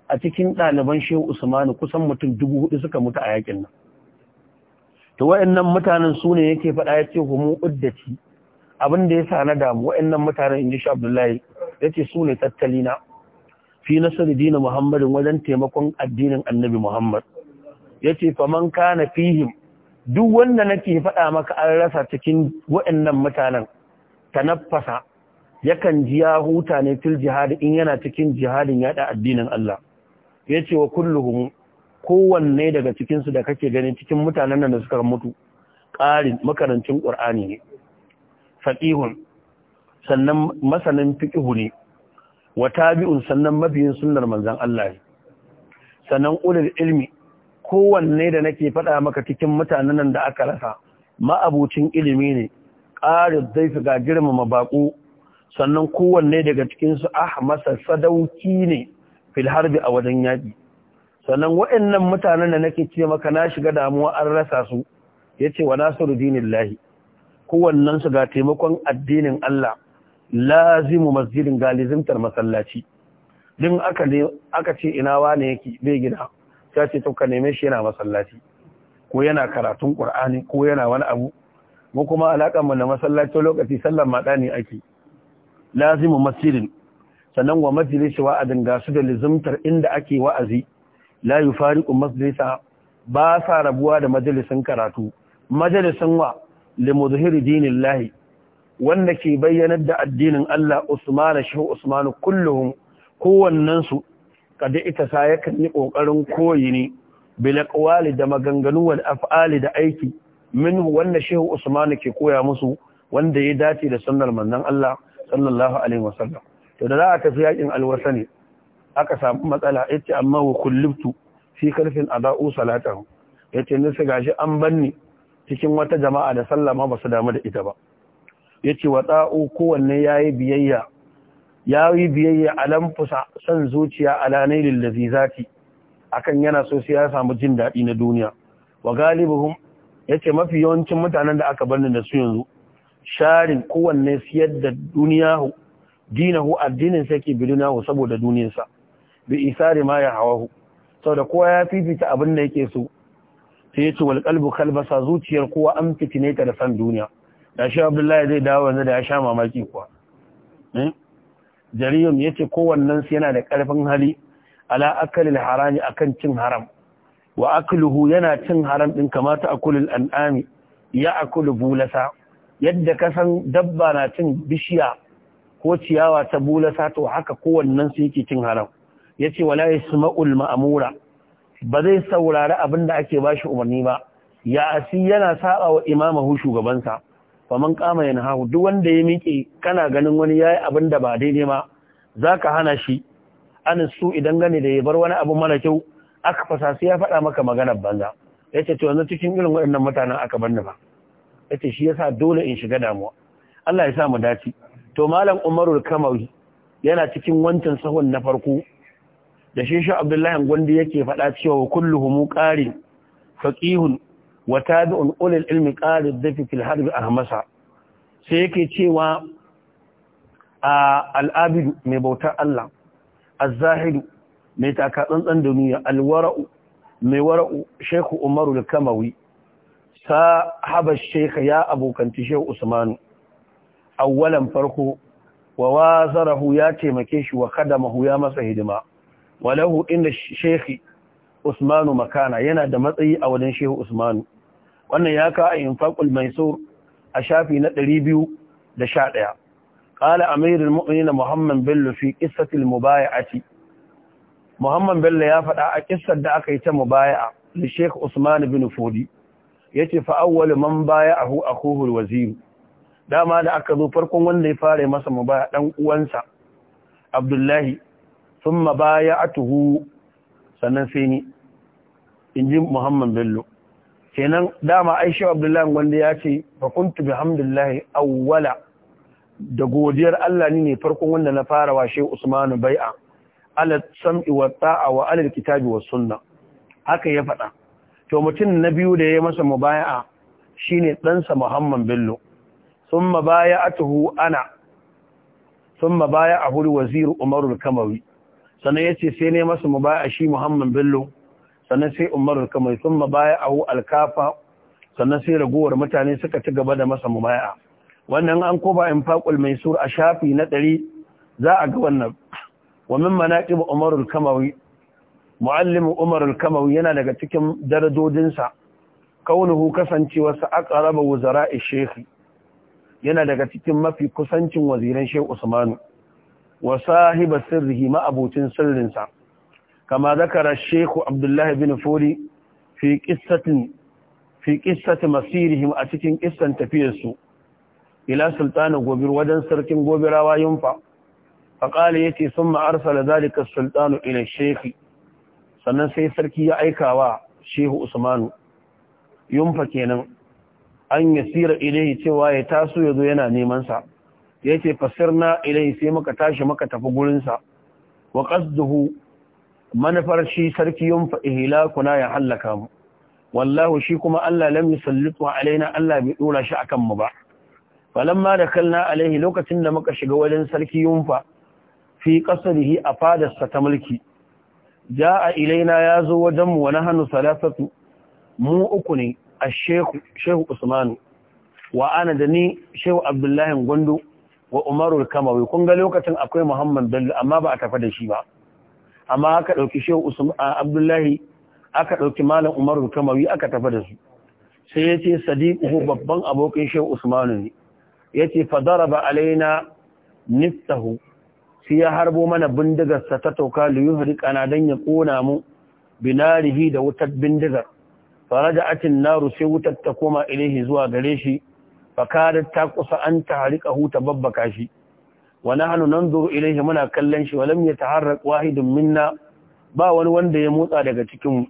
Speaker 1: a cikin ɗaliban Shehu Usmanu kusan mutum dubu hudu suka mutu a yakin nan to wayannan mutanen su ne yake faɗa yace humu uddati abin da yasa na damu wayannan mutanen inji Shehu Abdullahi yace su ne tattalina fi nasri Muhammadin wajen taimakon addinin Annabi Muhammad yace faman kana fihim duk wanda nake faɗa maka an rasa cikin waɗannan mutanen tanaffasa yakan ji ya huta ne fil jihadi in yana cikin jihadin yaɗa addinin Allah ya ce wa kulluhum kowanne daga cikinsu da kake gani cikin mutanen nan da suka mutu ƙarin makarancin ƙur'ani ne faqihun sannan masanin fiqhu ne wa tabi'un sannan mabiyin sunnar manzon Allah ne sannan ulul ilmi kowanne da nake faɗa maka cikin mutanen nan da aka rasa ma'abucin ilimi ne ƙarin zai su ga girmama baƙo sannan kowanne daga cikinsu ahmasa sadauki ne fil harbi a wajen yaƙi sannan waɗannan mutanen da nake ce maka na shiga damuwa an rasa su ya ce wa nasiru dinin lahi ga taimakon addinin Allah lazimu masjidin galizimtar masallaci din aka ce ina wane yake bai gida Ta ce tukka neme shi yana masallaci ko yana karatun ƙur'ani ko yana wani abu mu kuma alakan mu na masallaci lokaci sallar maɗa ne ake lazimu Masirin, sannan wa majlisi wa'adin ga su da lizumtar inda ake wa'azi la fariƙun majlisa ba sa rabuwa da majalisun karatu majalisun wa limudhhir dinillah wanda ke bayyanar da addinin Allah Usman shi Usman Kullum, kowannensu. kada ita sa yakan yi ƙoƙarin koyi ne bilakwali da maganganu wal af'ali da aiki min wanda shehu usman ke koya musu wanda ya dace da sunnar manzon Allah sallallahu alaihi wasallam to da za a tafi yakin alwasani aka samu matsala yace amma wa kullibtu fi kalfin adau salatahu yace ni su gashi an banni cikin wata jama'a da sallama ba su damu da ita ba yace wa da'u kowanne yayi biyayya ya yi biyayya a lamfusa son zuciya a lanailin a kan yana so sai ya samu jin daɗi na duniya wa galibuhum ya ce mafi yawancin mutanen da aka barni da su yanzu sharin kowanne siyar da duniya hu addinin sai ke hu saboda duniyarsa bi isari ma ya Sau da kowa ya fifita abin da yake so sai ya ce wal kalbu kalbasa zuciyar kowa an fitine ta da san duniya da shi abdullahi zai dawo yanzu da ya sha mamaki kuwa hmm? jariyum ya ce kowannen su yana da ƙarfin hali ala akalil harami akan cin haram wa akluhu yana cin haram din kamata akulul an'ami ya akulu bulasa yadda ka san dabba na cin bishiya ko ciyawa ta bulasa to haka kowannen su yake cin haram yace wala yasma'ul ma'amura ba zai saurari abin da ake bashi umarni ba ya asi yana saba wa imamahu shugabansa faman kama yana hahu duk wanda ya miƙe kana ganin wani yayi abin da ba daidai ma zaka hana shi anin su idan gane da ya bar wani abu mara kyau aka fasa sai ya faɗa maka maganar banza yace to yanzu cikin irin waɗannan mutanen aka bar ni ba yace shi yasa dole in shiga damuwa Allah ya sa mu dace to malam Umarul Kamawi yana cikin wancan sahun na farko da shi shi Abdullahi Gondi yake faɗa cewa kulluhum qari faqihun wa tabi'un ulil ilmi qarid dafi fil harbi ahmasa sai yake cewa a al'abidu mai bautar Allah az-zahidu mai taka tsantsan da niyya al-wara'u mai wara'u shehu umaru al-kamawi sahaba sheikh ya abokanci shehu usmanu awwalan farko wa wazarahu ya taimake shi wa kadamahu ya masa hidima walahu inda sheikh usmanu makana yana da matsayi a wajen shehu usmanu wannan ya ka infaqul maisur a shafi na 211 qala amirul na muhammad bello fi a mubay'ati muhammad bello ya faɗa a kissar da aka yi ta mubay'a li sheikh usman bin fodi yace fa awwal man bay'ahu a al-wazir dama da aka zo farkon wanda ya fara masa mubaya dan uwansa abdullahi thumma tuhu sannan sai ni inji muhammad bello kenan dama aisha abdullahi wanda ya ce fa kuntu hamdullahi awwala da godiyar Allah ni ne farkon wanda na fara washe Usmanu bai'a ala sam'i wa ta'a wa ala kitabi wa sunna haka ya faɗa to mutum na biyu da ya masa mubaya'a shine dan sa Muhammad Bello thumma bay'atuhu ana thumma baya'ahu al-wazir Umar al-Kamawi sanan yace sai ne masa mubaya'a shi Muhammad Bello sannan sai umarul kamar sun mabaya ahu alkafa sannan sai ragowar mutane suka ci gaba da masa mubaya wannan an koba in faƙul mai sur a shafi na ɗari za a ga wannan wa min manaƙib umarul kamawi mu'allimin umarul kamawi yana daga cikin darajojinsa kaunuhu kasancewarsa wuzara wuzara'i shehi yana daga cikin mafi kusancin waziran Sheikh Usmanu wa sahiba sirrihi ma abucin sirrinsa كما ذكر Abdullahi Bin الله بن فوري في قصة في قصة مسيرهم أتكين قصة تفيرسو إلى سلطان غوبر ودن سركن غوبر وينفع فقال يتي ثم أرسل ذلك السلطان إلى الشيخ sannan sai sarki ya aika wa shehu usmanu Yumfa kenan an yasira ilaihi cewa ya taso ya zo yana nemansa ya ce fasirna ilaihi sai muka tashi maka tafi gurinsa wa ƙasduhu manufar shi sarki yunfa ihlakuna ya hallaka mu wallahu shi kuma Allah lam yusallitu alaina Allah bai dora shi a kanmu ba ma da kalna alaihi lokacin da muka shiga wajen sarki yunfa fi qasrihi a fadarsa ta mulki a ilaina yazo wajen mu wa hannu salasatu mu uku ne a Shehu Usmanu. Wa'ana wa ana da ni Shehu Abdullahi Gwando wa Umaru al-Kamawi kun ga lokacin akwai Muhammad Bello amma ba a tafi da shi ba amma aka ɗauki shehu abdullahi aka ɗauki malam umaru kamawi aka tafi da su sai ya ce sadiku babban abokin shehu usmanu ne ya ce fadara ba alaina niftahu sai ya harbo mana bindigarsa ta tauka liyuhri kana don ya ƙona mu binarihi da wutar bindigar Fara da atin naru sai wutar ta koma ilaihi zuwa gare shi fakadar ta kusa an ta harika ta babbaka shi hannu nan nanzuru ilaihi muna kallon shi walam yataharrak wahidun minna ba wani wanda ya motsa daga cikin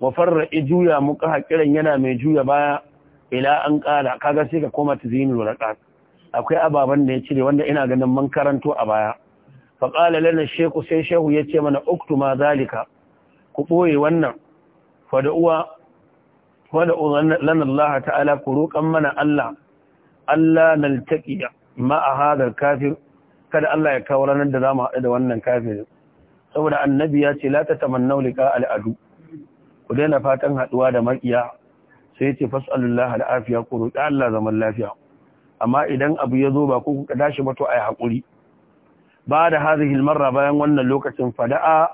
Speaker 1: wa farra juya muka hakiran yana mai juya baya ila an kala kaga sai ka koma tazinul raqat akwai ababan da ya cire wanda ina ganin man karanto a baya fa qala lana sheku sai shehu ce mana uktu ma zalika ku ɓoye wannan fa da uwa wa da lana ta'ala ku roƙan mana Allah Allah naltaqiya ma a hadar kafin. kada Allah ya kawo ranar da za mu haɗu da wannan kafirin saboda annabi ya ce la ta tamannau liqa al'adu ku daina fatan haɗuwa da makiya sai ya ce fas'alullah al'afiya ku roƙi Allah zaman lafiya amma idan abu ya zo ba ku ku dashi ba to ayi hakuri ba da hadhihi marra bayan wannan lokacin fada'a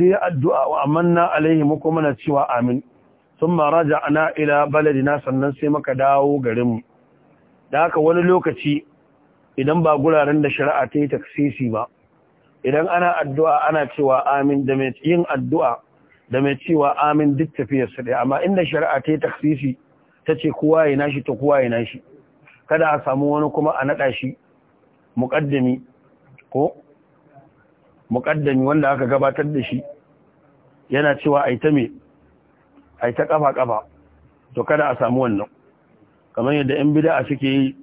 Speaker 1: sai addu'a wa amanna alaihi mu kuma na cewa amin thumma raja'na ila baladina sannan sai muka dawo garin mu da haka wani lokaci idan ba guraren da shari'a ta yi taksisi ba idan ana addu'a ana cewa amin da mai yin addu'a da mai cewa amin duk tafiyarsa. su ɗaya amma inda shari'a ta yi taksisi ta ce kowa ya nashi ta kowa ya nashi kada a samu wani kuma a naɗa shi muƙaddami ko muƙaddami wanda aka gabatar da shi yana cewa yi ta me yi ta ƙafa-ƙafa to kada a samu wannan kamar yadda 'yan bida suke yi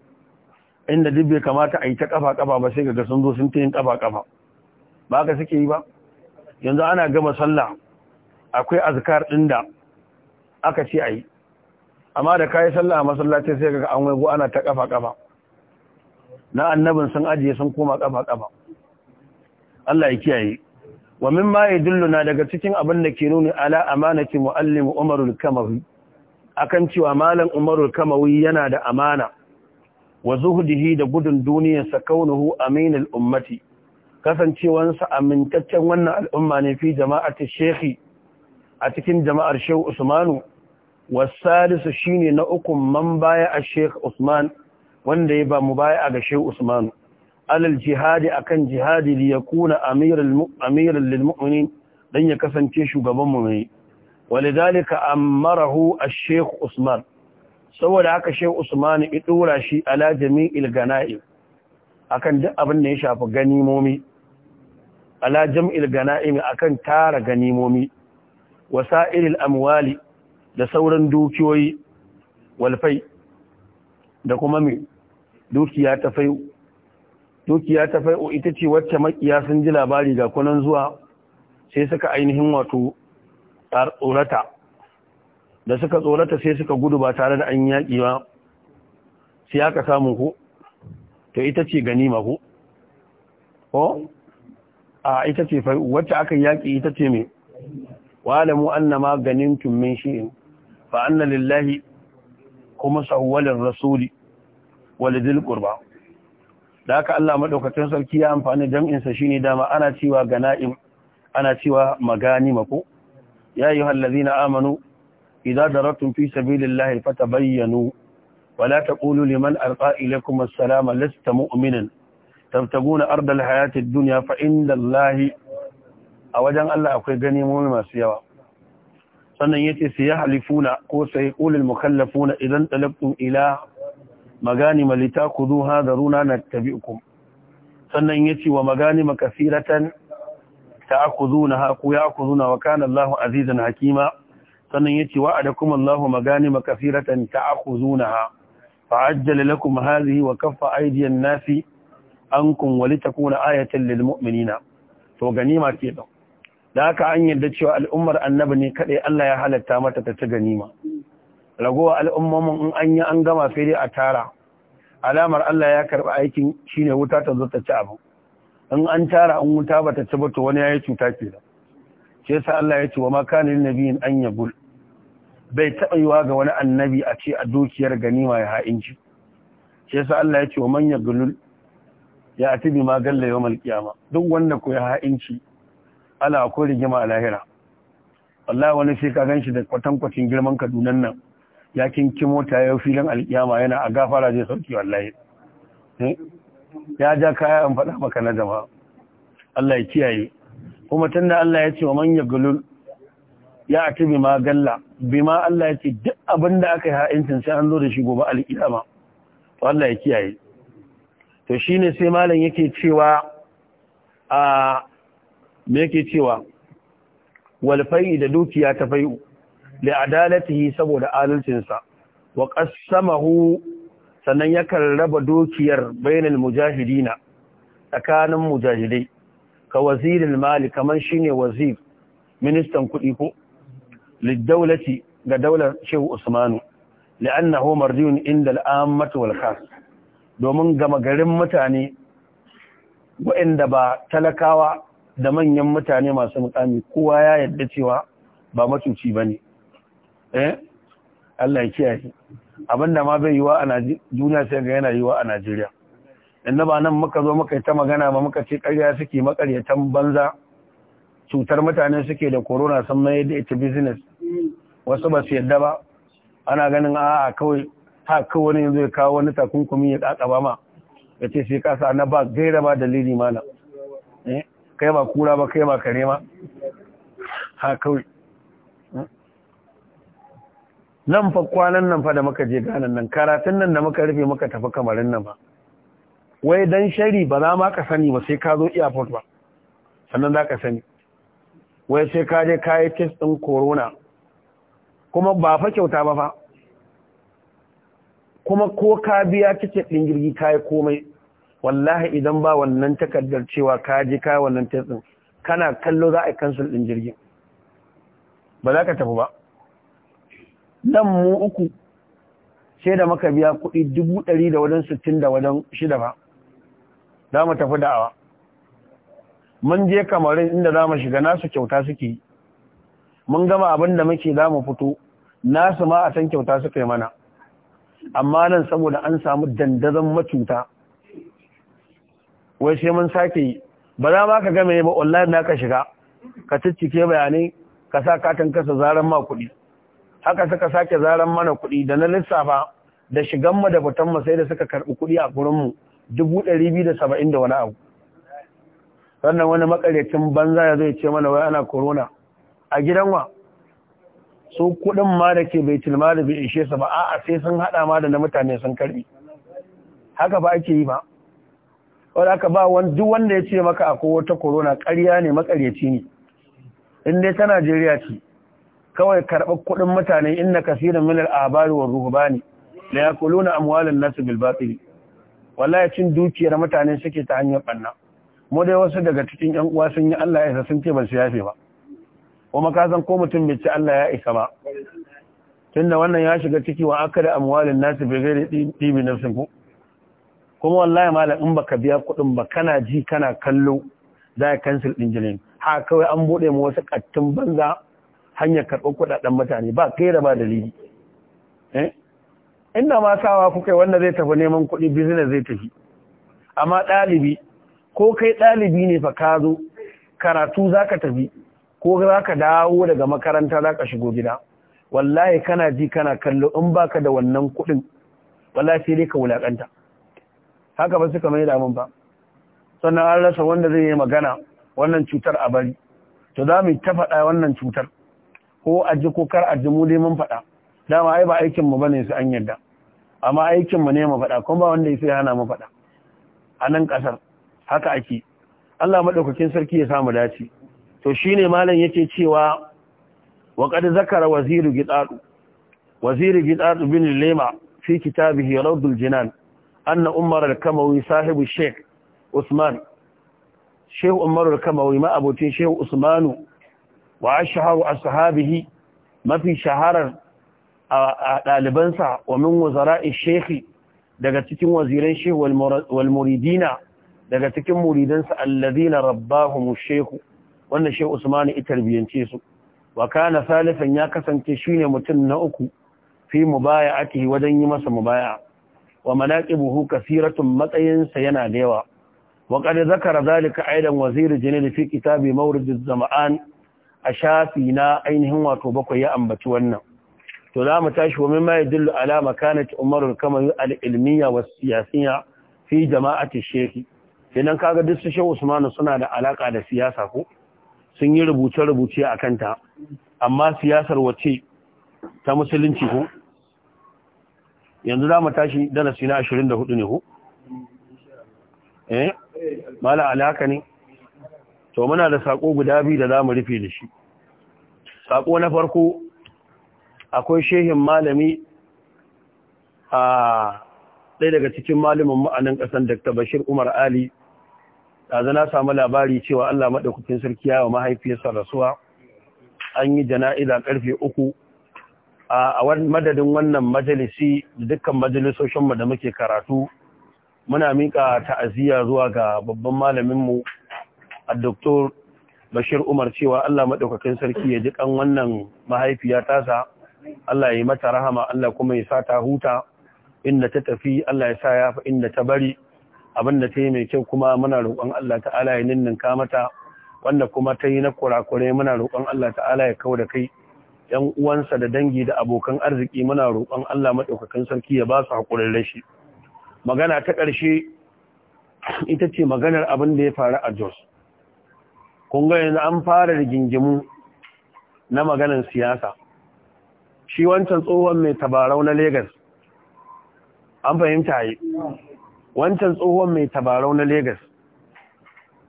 Speaker 1: inda duk bai kamata a yi ta kafa kafa ba sai ga sun zo sun ta yin kafa kafa ba ka suke yi ba yanzu ana gama sallah akwai azkar ɗin da aka ce a yi amma da kayi sallah a masallacin sai ga an waigo ana ta kafa kafa na annabin sun ajiye sun koma kafa kafa Allah ya kiyaye wa ma yadulluna daga cikin abin da ke nuni ala amanati muallim umarul kamawi akan cewa malam Umarul kamawi yana da amana wa zuhdihi da gudun duniyarsa kaunuhu aminul ummati kasancewansa amintaccen wannan al'umma ne fi jama'ati shekhi a cikin jama'ar shehu usmanu wasalisu shine na uku man baya a shekh usman wanda ya ba mu baya ga shehu usmanu alal jihadi akan jihadi li yakuna amiral amiral lil mu'minin dan ya kasance shugaban mu'mini walidhalika amarahu ash-sheikh usman saboda haka shehu usmanu ya dora shi ala jami'il gana'i akan duk abin da ya shafi ganimomi ala jam'il gana'im akan tara ganimomi wasa'ilil amwali da sauran dukiyoyi walfai da kuma mai dukiya ta fai dukiya ta fai ita ce wacce makiya sun ji labari ga kunan zuwa sai suka ainihin wato tsorata da suka tsorata sai suka gudu ba tare da an yaƙi ba sai aka samu ku to ita ce ganima ku ko a ita ce wacce aka yaƙi ita ce mai wa'alamu annama ganimtum tummin shi'in fa anna lillahi kuma sawwalir rasuli walidil qurba da haka Allah madaukakin sarki ya amfani jam'in sa shine dama ana cewa ana cewa magani mako ya ayyuhal ladina amanu إذا ضربتم في سبيل الله فتبينوا ولا تقولوا لمن ألقى إليكم السلام لست مؤمنا تبتغون أرض الحياة الدنيا فإن الله أوجن الله أقول غنيمون ما سيوا sannan yace sai ya halifuna ko sai qulul mukallafuna idan talabtum ila maganim litakudu hadaruna nattabi'ukum sannan yace wa maganim kaseeratan ta'khuduna ha ku ya'khuduna wa kana Allahu azizan hakima sannan yace wa'adakum Allahu maganim kafiratan ta'khuzunaha fa'ajjala lakum hadhihi wa kaffa aydiyan nasi ankum walitakuna ayatan lil mu'minina to ganima ke da da haka an yarda cewa al'ummar annabi ne kaɗai Allah ya halatta mata ta ci ganima ragowa al'ummomin in an yi an gama sai dai a tara alamar Allah ya karɓi aikin shine wuta ta zo ta ci abu in an tara an wuta ba ta ci ba to wani yi cuta ke da shi yasa Allah ya ce wa ma kana lin an yabul bai taɓa yiwa ga wani annabi a ce a dukiyar ganima ya ha'inci shi yasa Allah ya ce wa manya gulul ya ati bi ma yau yawmal duk wanda ku ya ha'inci ala ko rigima a lahira wallahi wani sai ka ganshi da kwatankwacin girman Kadunan nan ya kinki mota ya filin alkiyama yana a gafara zai sauki wallahi eh, ya ja kaya an faɗa maka na jama'a Allah ya kiyaye kuma tunda Allah ya ce wa manya gulul ya bi ma galla ma Allah ya ce duk abin da aka yi ha'incin sai an zo da shi gobe alƙiyama to Allah ya kiyaye to shine sai malam yake cewa a me yake cewa wal fai da dukiya ta fai'u li adalatihi saboda adalcinsa wa qassamahu sannan yakan raba dukiyar bainal mujahidina tsakanin mujahidai ka wazirin mali kamar shine wazir ministan kuɗi ko للدولة دولة شيخ عثمان لأنه مرجو عند العامة والخاص domin gama garin mutane waɗanda ba talakawa da manyan mutane masu mukami kowa ya yadda cewa ba matuci ba ne eh Allah ya kiyaye abinda ma bai yiwa a duniya sai ga yana yiwa a Najeriya inda ba nan muka zo muka yi ta magana ba muka ce karya suke makaryatan banza cutar mutane suke da corona sun mayar da ita business wasu ba su yadda ba ana ganin a kawai Ta kawai yanzu ya kawo wani takunkumi ya ba ma ya ce sai kasa na ba gaira ba dalili malam eh, kai ba kura ba kai ba kare ma ha kawai hmm. nan fa kwanan nan fa da muka je ganan nan karatun nan da muka rufe muka tafi kamarin nan ba wai dan shari ba za ma ka sani ba sai ka zo airport ba sannan za ka sani wai sai ka je ka yi test din corona kuma ba fa kyauta ba fa kuma ko ka biya kike ɗin jirgi kayi komai wallahi idan ba wannan takardar cewa ka je ka wannan tsin kana kallo za a cancel ɗin jirgi. ba za ka tafi ba nan mu uku sai da maka biya kuɗi dubu ɗari da wajen sittin da wajen shida ba za mu tafi da'awa mun je kamarin inda za mu shiga nasu kyauta suke yi mun gama abin da muke za mu fito nasu ma a san kyauta suka yi mana amma nan saboda an samu dandazon matuta. wai sai mun sake yi ba za ma ka game ba online na ka shiga ka ciccike bayanai ka sa katon kasa zaren ma kuɗi haka suka sake zaren mana kuɗi da na lissafa da shigan mu da fitan mu sai da suka karɓi kuɗi a gurin mu dubu ɗari biyu da saba'in da wani abu sannan wani makaryacin banza ya zo ya ce mana wai ana corona a gidan wa su kudin ma da ke baitul mali bai ishe sa ba a'a sai sun hada ma da na mutane sun karbi haka ba ake yi ba wanda aka ba duk wanda ya ce maka akwai wata corona ƙarya ne makaryaci ne in dai ta Najeriya ce kawai karɓar kuɗin mutane inna kasirin min al-abari wa ruhbani la yakuluna amwalan nas bil batil wallahi cin dukiyar mutane suke ta hanyar ɓanna. mu dai wasu daga cikin yan uwa sun yi Allah ya sa sun ce ban su yafe ba kuma ka san ko mutum bai ci Allah ya isa ba tunda wannan ya shiga ciki wa aka da amwalin nasu bai gaire ɗibi nafsin ku kuma wallahi malam in baka biya kuɗin ba kana ji kana kallo za ka cancel din jinin ha kawai an bude mu wasu kattun banza hanyar karɓar kuɗaɗen mutane ba kai da ba dalili eh? inda ma sawa kuka wanda zai tafi neman kuɗi business zai tafi amma ɗalibi ko kai ɗalibi ne fa ka zo karatu za ka tafi ko za ka dawo daga makaranta za ka shigo gida wallahi kana ji kana kallo in baka da wannan kuɗin wallahi sai dai ka wulaƙanta haka ba suka mai damun ba sannan an rasa wanda zai yi magana wannan cutar a bari to za mu ta faɗa wannan cutar ko a ji ko kar a ji mu dai mun faɗa dama ai ba aikin mu bane su an yarda amma aikin mu ne mu faɗa kuma ba wanda yake hana mu faɗa a nan ƙasar haka ake Allah madaukakin sarki ya samu dace to shine malam yake cewa wa qad zakara waziru gidadu waziru gidadu bin lema fi kitabihi rawdul jinan anna umar al-kamawi sahibu sheikh usman sheikh umar al-kamawi ma abutin sheikh usmanu wa ashharu ashabihi mafi shaharar a ɗalibansa wa min wazara'i shekhi daga cikin waziran shehu wal muridina daga cikin muridansa alladhina rabbahum shekhu Wannan shi Usman ya tarbiyance su wa kana salifan ya kasance shine mutum na uku fi mubaya'atihi wajen yi masa mubaya wa manaqibuhu kasiratun matsayinsa yana da yawa wa qad zakara zalika aidan wazir jinil fi kitabi mawrid az-zama'an a shafi na ainihin wato bakwai ya ambaci wannan to za mu tashi wamin mimma yadullu ala makanati umar al-kamari al-ilmiya wa siyasiya fi jama'ati sheki kenan kaga duk su shehu usman suna da alaka da siyasa ko sun yi rubuce-rubuce a kanta amma siyasar wace ta musulunci ku? yanzu za mu tashi darasi na 24 ne ku. eh mala alaka ne to muna da sako guda biyu da za mu rufe da shi sako na farko akwai shehin malami a ɗaya daga cikin malamin ma'anin ƙasar dr bashir umar ali ɗazu na samu labari cewa Allah maɗaukakin sarki ya wa mahaifiyarsa rasuwa an yi jana'iza karfe uku a madadin wannan majalisi dukkan mu da muke karatu muna miƙa ta'aziyya zuwa ga babban malaminmu a doktor bashir umar cewa Allah maɗaukakin sarki ya ji kan wannan mahaifiya tasa Allah ya yi mata rahama Allah kuma ya sa ta huta inda ta tafi Allah ya sa ya fa inda ta bari abin da ta yi mai kyau kuma muna roƙon Allah ta'ala ya ninninka mata wanda kuma ta yi na kurakure muna roƙon Allah ta'ala ya kawo da kai ‘yan uwansa da dangi da abokan arziki muna roƙon Allah maɗaukakan sarki ya ba su haƙurin rashi magana ta ƙarshe ita ce maganar abin da ya faru a Jos kun ga yanzu an fara rigingimu na maganar siyasa shi wancan tsohon mai tabarau na Legas an fahimta yi wancan tsohon mai tabarau na Legas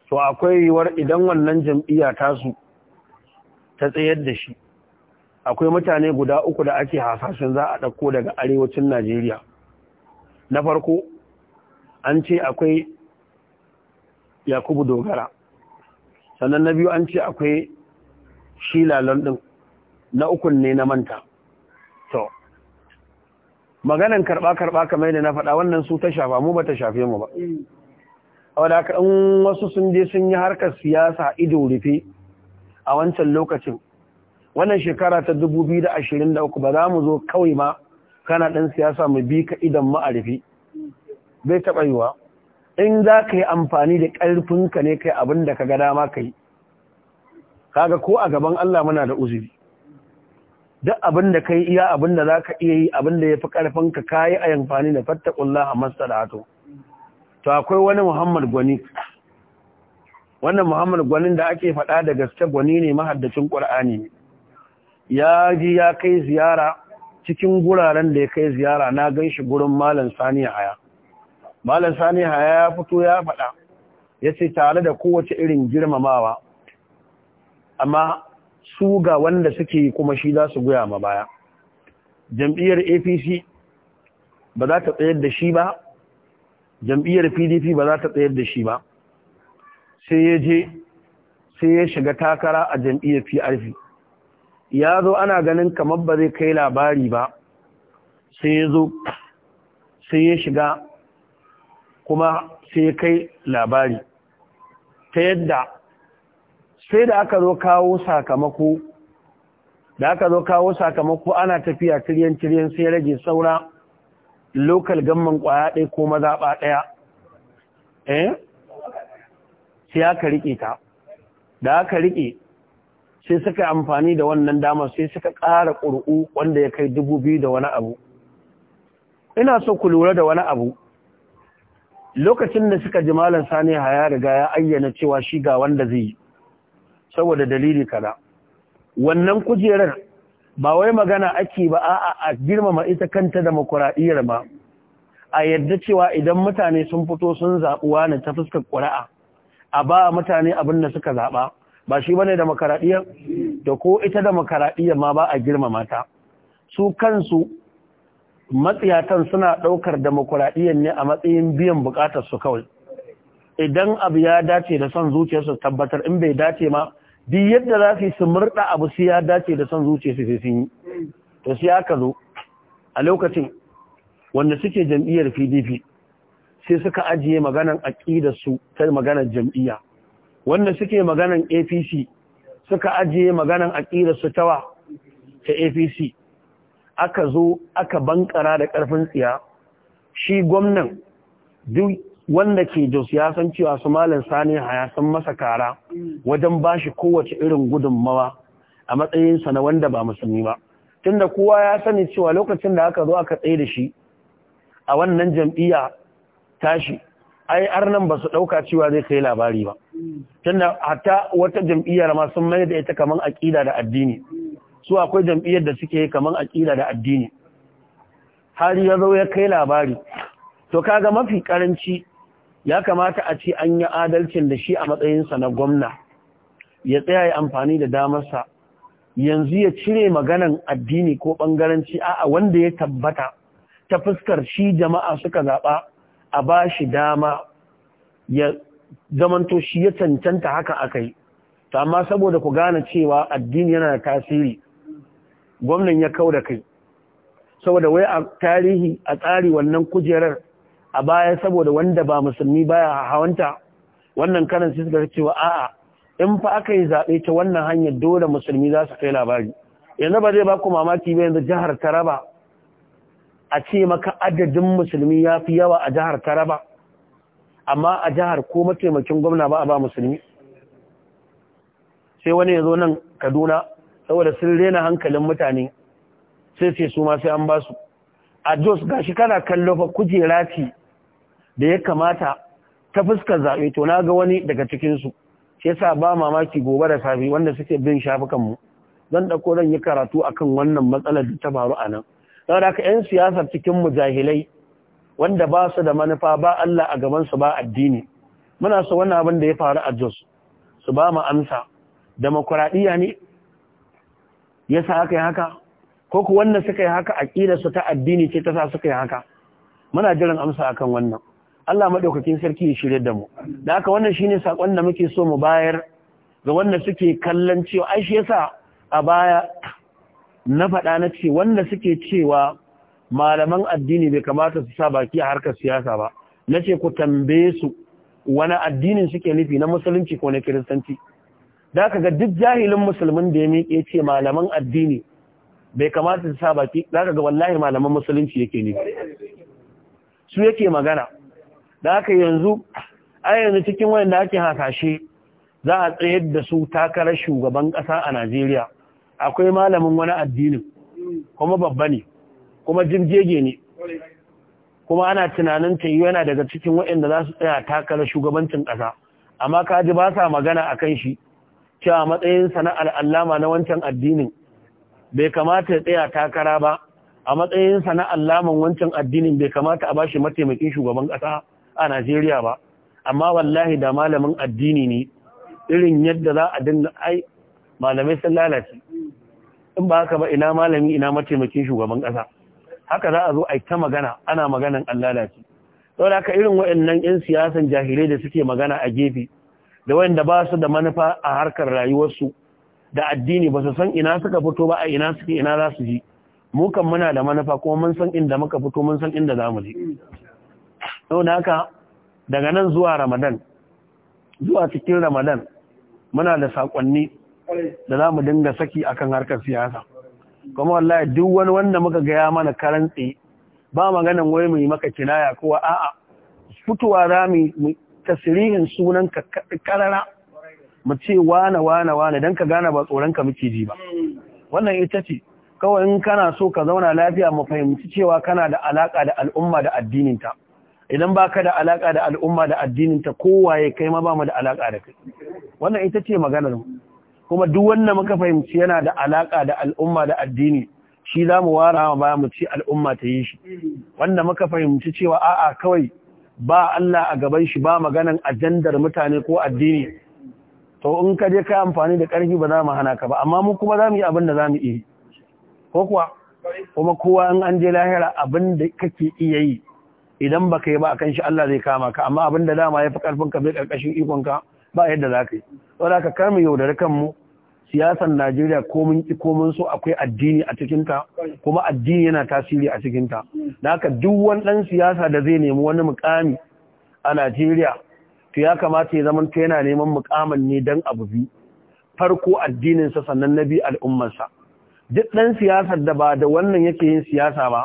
Speaker 1: to akwai yiwuwar idan wannan jam'iyya tasu ta tsayar da shi akwai mutane guda uku da ake hasashen za a ɗauko daga arewacin Najeriya na farko an ce akwai Yakubu Dogara sannan na biyu an ce akwai shi lalon na uku ne na manta maganan karɓa karba kamar yadda na faɗa wannan su ta shafa mu ba ta shafe mu ba a wadaka ɗan wasu sun je sun yi harkar siyasa ido rufe a wancan lokacin wannan shekara ta da da ashirin uku ba za mu zo kawai ma kana ɗan siyasa mu bi ka idan rufe? bai taɓa yiwa in za ka yi amfani da ƙarfinka ne kai abin da ka ga dama ka yi kaga ko a gaban Allah muna da uzuri duk abin da kai iya abin da za ka iya yi abin da ya fi karfin ka kayi a yamfani da fattakullah a masaratu to akwai wani muhammad gwani wannan muhammad gwanin da ake faɗa da gaske gwani ne mahaddacin ƙur'ani ne ya ji ya kai ziyara cikin guraren da ya kai ziyara na gan shi gurin malam sani haya malam sani haya ya fito ya faɗa ya ce tare da kowace irin girmamawa amma su ga wanda suke kuma shi za su goya ma baya jam'iyyar apc ba za ta tsayar da shi ba jam'iyyar pdp ba za ta tsayar da shi ba sai ya je sai ya shiga takara a jam'iyyar prp ya zo ana ganin kamar ba zai kai labari ba sai ya zo sai ya shiga kuma sai ya kai labari ta yadda sai da aka zo kawo sakamako da aka zo kawo sakamako ana tafiya tiryan tiryan sai rage saura local gamman kwaya ɗaya ko mazaɓa ɗaya eh sai aka riƙe ta da aka riƙe sai suka amfani da wannan dama sai suka ƙara ƙuri'u wanda ya kai dubu biyu da wani abu ina so ku lura da wani abu lokacin da suka ji malam sani haya riga ya ayyana cewa shi ga wanda zai yi saboda dalili kaza wannan kujerar ba wai magana ake ba a a girmama ita kanta da makuraɗiyar ba a yadda cewa idan mutane sun fito sun zaɓuwa ne ta fuskar ƙuri'a a ba mutane abin da suka zaɓa ba shi bane da makaraɗiyar da ko ita da makaraɗiyar ma ba a girmama ta su kansu matsiyatan suna ɗaukar da ne a matsayin biyan buƙatar su kawai idan abu ya dace da son zuciyarsu tabbatar in bai dace ma duk yadda za su yi su murɗa abu sai ya dace da son zuciya su sun yi to sai aka zo a lokacin wanda suke jam'iyyar pdp sai suka ajiye maganan aƙidar ta maganar jam'iyya wanda suke maganan apc suka ajiye maganan aƙidar su tawa ta apc aka zo aka bankara da ƙarfin tsiya shi gwamnan duk wanda ke jos ya san cewa su malam sani ya san masa kara wajen ba shi kowace irin gudunmawa a matsayinsa na wanda ba musulmi ba tunda kowa ya sani cewa lokacin da aka zo aka tsaye da shi a wannan jam'iyya tashi ai arnan ba su ɗauka cewa zai kai labari ba tunda hatta wata jam'iyyar ma sun mai da ita kaman aƙida da addini su akwai jam'iyyar da suke kaman aƙida da addini har ya zo ya kai labari to kaga mafi karanci ya kamata a ce an yi adalcin da shi a matsayinsa na gwamna ya tsaya ya amfani da damarsa yanzu ya cire maganan addini ko ɓangaranci a wanda ya tabbata ta fuskar shi jama'a suka zaɓa a ba shi dama ya zamanto shi ya cancanta haka aka yi amma saboda ku gane cewa addini yana da tasiri gwamnan ya kau da kai saboda wai a tarihi a tsari wannan kujerar a baya saboda wanda ba musulmi baya hawanta wannan karan sai suka cewa a'a in fa aka yi zaɓe ta wannan hanyar dole musulmi za su kai labari yanzu ba zai ba ku mamaki ba yanzu jihar taraba a ce maka adadin musulmi ya fi yawa a jihar taraba amma a jihar ko mataimakin gwamna ba a ba musulmi sai wani ya zo nan kaduna saboda sun rena hankalin mutane sai sai su ma sai an ba su a jos gashi kana kallo fa kujera ce da ya kamata ta fuskar zaɓe to na ga wani daga cikinsu shi yasa ba mamaki gobe da safe wanda suke bin shafukanmu zan ɗauko zan yi karatu akan wannan matsalar da ta faru a nan saboda haka 'yan siyasar cikin mujahilai wanda ba su da manufa ba Allah a gaban su ba addini muna so wannan abin da ya faru a Jos su ba mu amsa demokuraɗiyya ne yasa haka yi haka ko ku wanda suka yi haka su ta addini ce ta sa suka yi haka muna jiran amsa akan wannan Allah madaukakin sarki ya shirya da mu da haka wannan shine sakon da muke so mu bayar ga wanda suke kallon cewa ai shi yasa a baya na faɗa na ce wanda suke cewa malaman addini bai kamata su sa baki a harkar siyasa ba na ce ku tambaye su wani addinin suke nufi na musulunci ko na kiristanci da haka ga duk jahilin musulmin da ya miƙe ce malaman addini bai kamata su sa baki za ga wallahi malaman musulunci yake nufi su yake magana da aka yanzu a yanzu cikin wanda ake hasashe za a tsayar da su takarar shugaban ƙasa a Najeriya akwai malamin wani addinin kuma babba ne kuma jirgege ne kuma ana tunanin ta yi yana daga cikin waɗanda za su tsaya takarar shugabancin ƙasa amma kaji ba sa magana a kan shi cewa matsayin sana'ar allama na wancan addinin bai kamata ya tsaya takara ba a matsayin sana'ar allaman wancan addinin bai kamata a ba shi mataimakin shugaban ƙasa a Najeriya ba amma wallahi da malamin addini ne irin yadda za a dinga ai malamai sun lalace in ba haka ba ina malami ina mataimakin shugaban ƙasa haka za a zo a ta magana ana maganan an lalace saboda haka irin waɗannan 'yan siyasan jahilai da suke magana a gefe da wanda ba su da manufa a harkar rayuwarsu da addini ba su san ina suka fito ba a ina suke ina za su ji mu kan muna da manufa kuma mun san inda muka fito mun san inda za mu je sau da haka daga nan zuwa ramadan zuwa cikin ramadan muna da saƙonni da za mu dinga saki akan harkar siyasa kuma wallahi duk wani wanda muka gaya mana karantsi ba maganin wai mu yi maka kinaya kowa a'a fitowa za mu yi tasirihin sunan ka karara mu ce wane wane wane don ka gane ba tsoron ka muke ji ba wannan ita ce kawai in kana so ka zauna lafiya mu fahimci cewa kana da alaka da al'umma da addinin ta. idan ba ka da alaƙa da al'umma da addinin ta kowaye kai ma ba mu da alaƙa da kai wannan ita ce maganar kuma duk wannan muka fahimci yana da alaƙa da al'umma da addini shi za mu wara ma ba mu ci al'umma ta yi shi wanda muka fahimci cewa a'a kawai ba Allah a gaban shi ba maganan ajandar mutane ko addini to in ka je kai amfani da ƙarfi ba za mu hana ka ba amma mu kuma za mu yi abin da za mu yi ko kuwa kuma kowa in an je lahira abin da kake iya yi idan ba ka yi ba a kan shi Allah zai kama ka amma abin da dama ya fi karfin ka bai karkashin ikon ba yadda za ka yi wadda ka kame yaudar kanmu siyasar Najeriya komin komin so akwai addini a cikinta? kuma addini yana tasiri a cikinta. da haka duk wani dan siyasa da zai nemi wani mukami a Najeriya to ya kamata ya zama yana neman mukamin ne dan abu bi farko addininsa sannan na biyu al'ummarsa duk ɗan siyasar da ba da wannan yake yin siyasa ba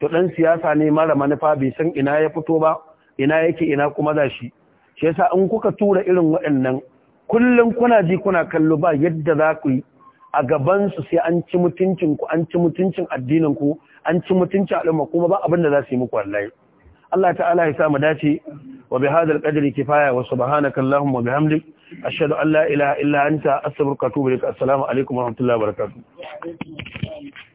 Speaker 1: to dan siyasa ne mara manufa bai san ina ya fito ba ina yake ina kuma za shi shi yasa in kuka tura irin waɗannan kullum kuna ji kuna kallo ba yadda za ku yi a gabansu sai an ci mutuncin an ci mutuncin addinin ku an ci mutuncin al'umma kuma ba abin da za su yi muku wallahi Allah ta'ala ya sa mu dace wa bi hadal qadri kifaya wa subhanaka allahumma bihamdik ashhadu an la ilaha illa anta astaghfiruka wa atubu ilaik assalamu alaikum wa rahmatullahi wa
Speaker 2: barakatuh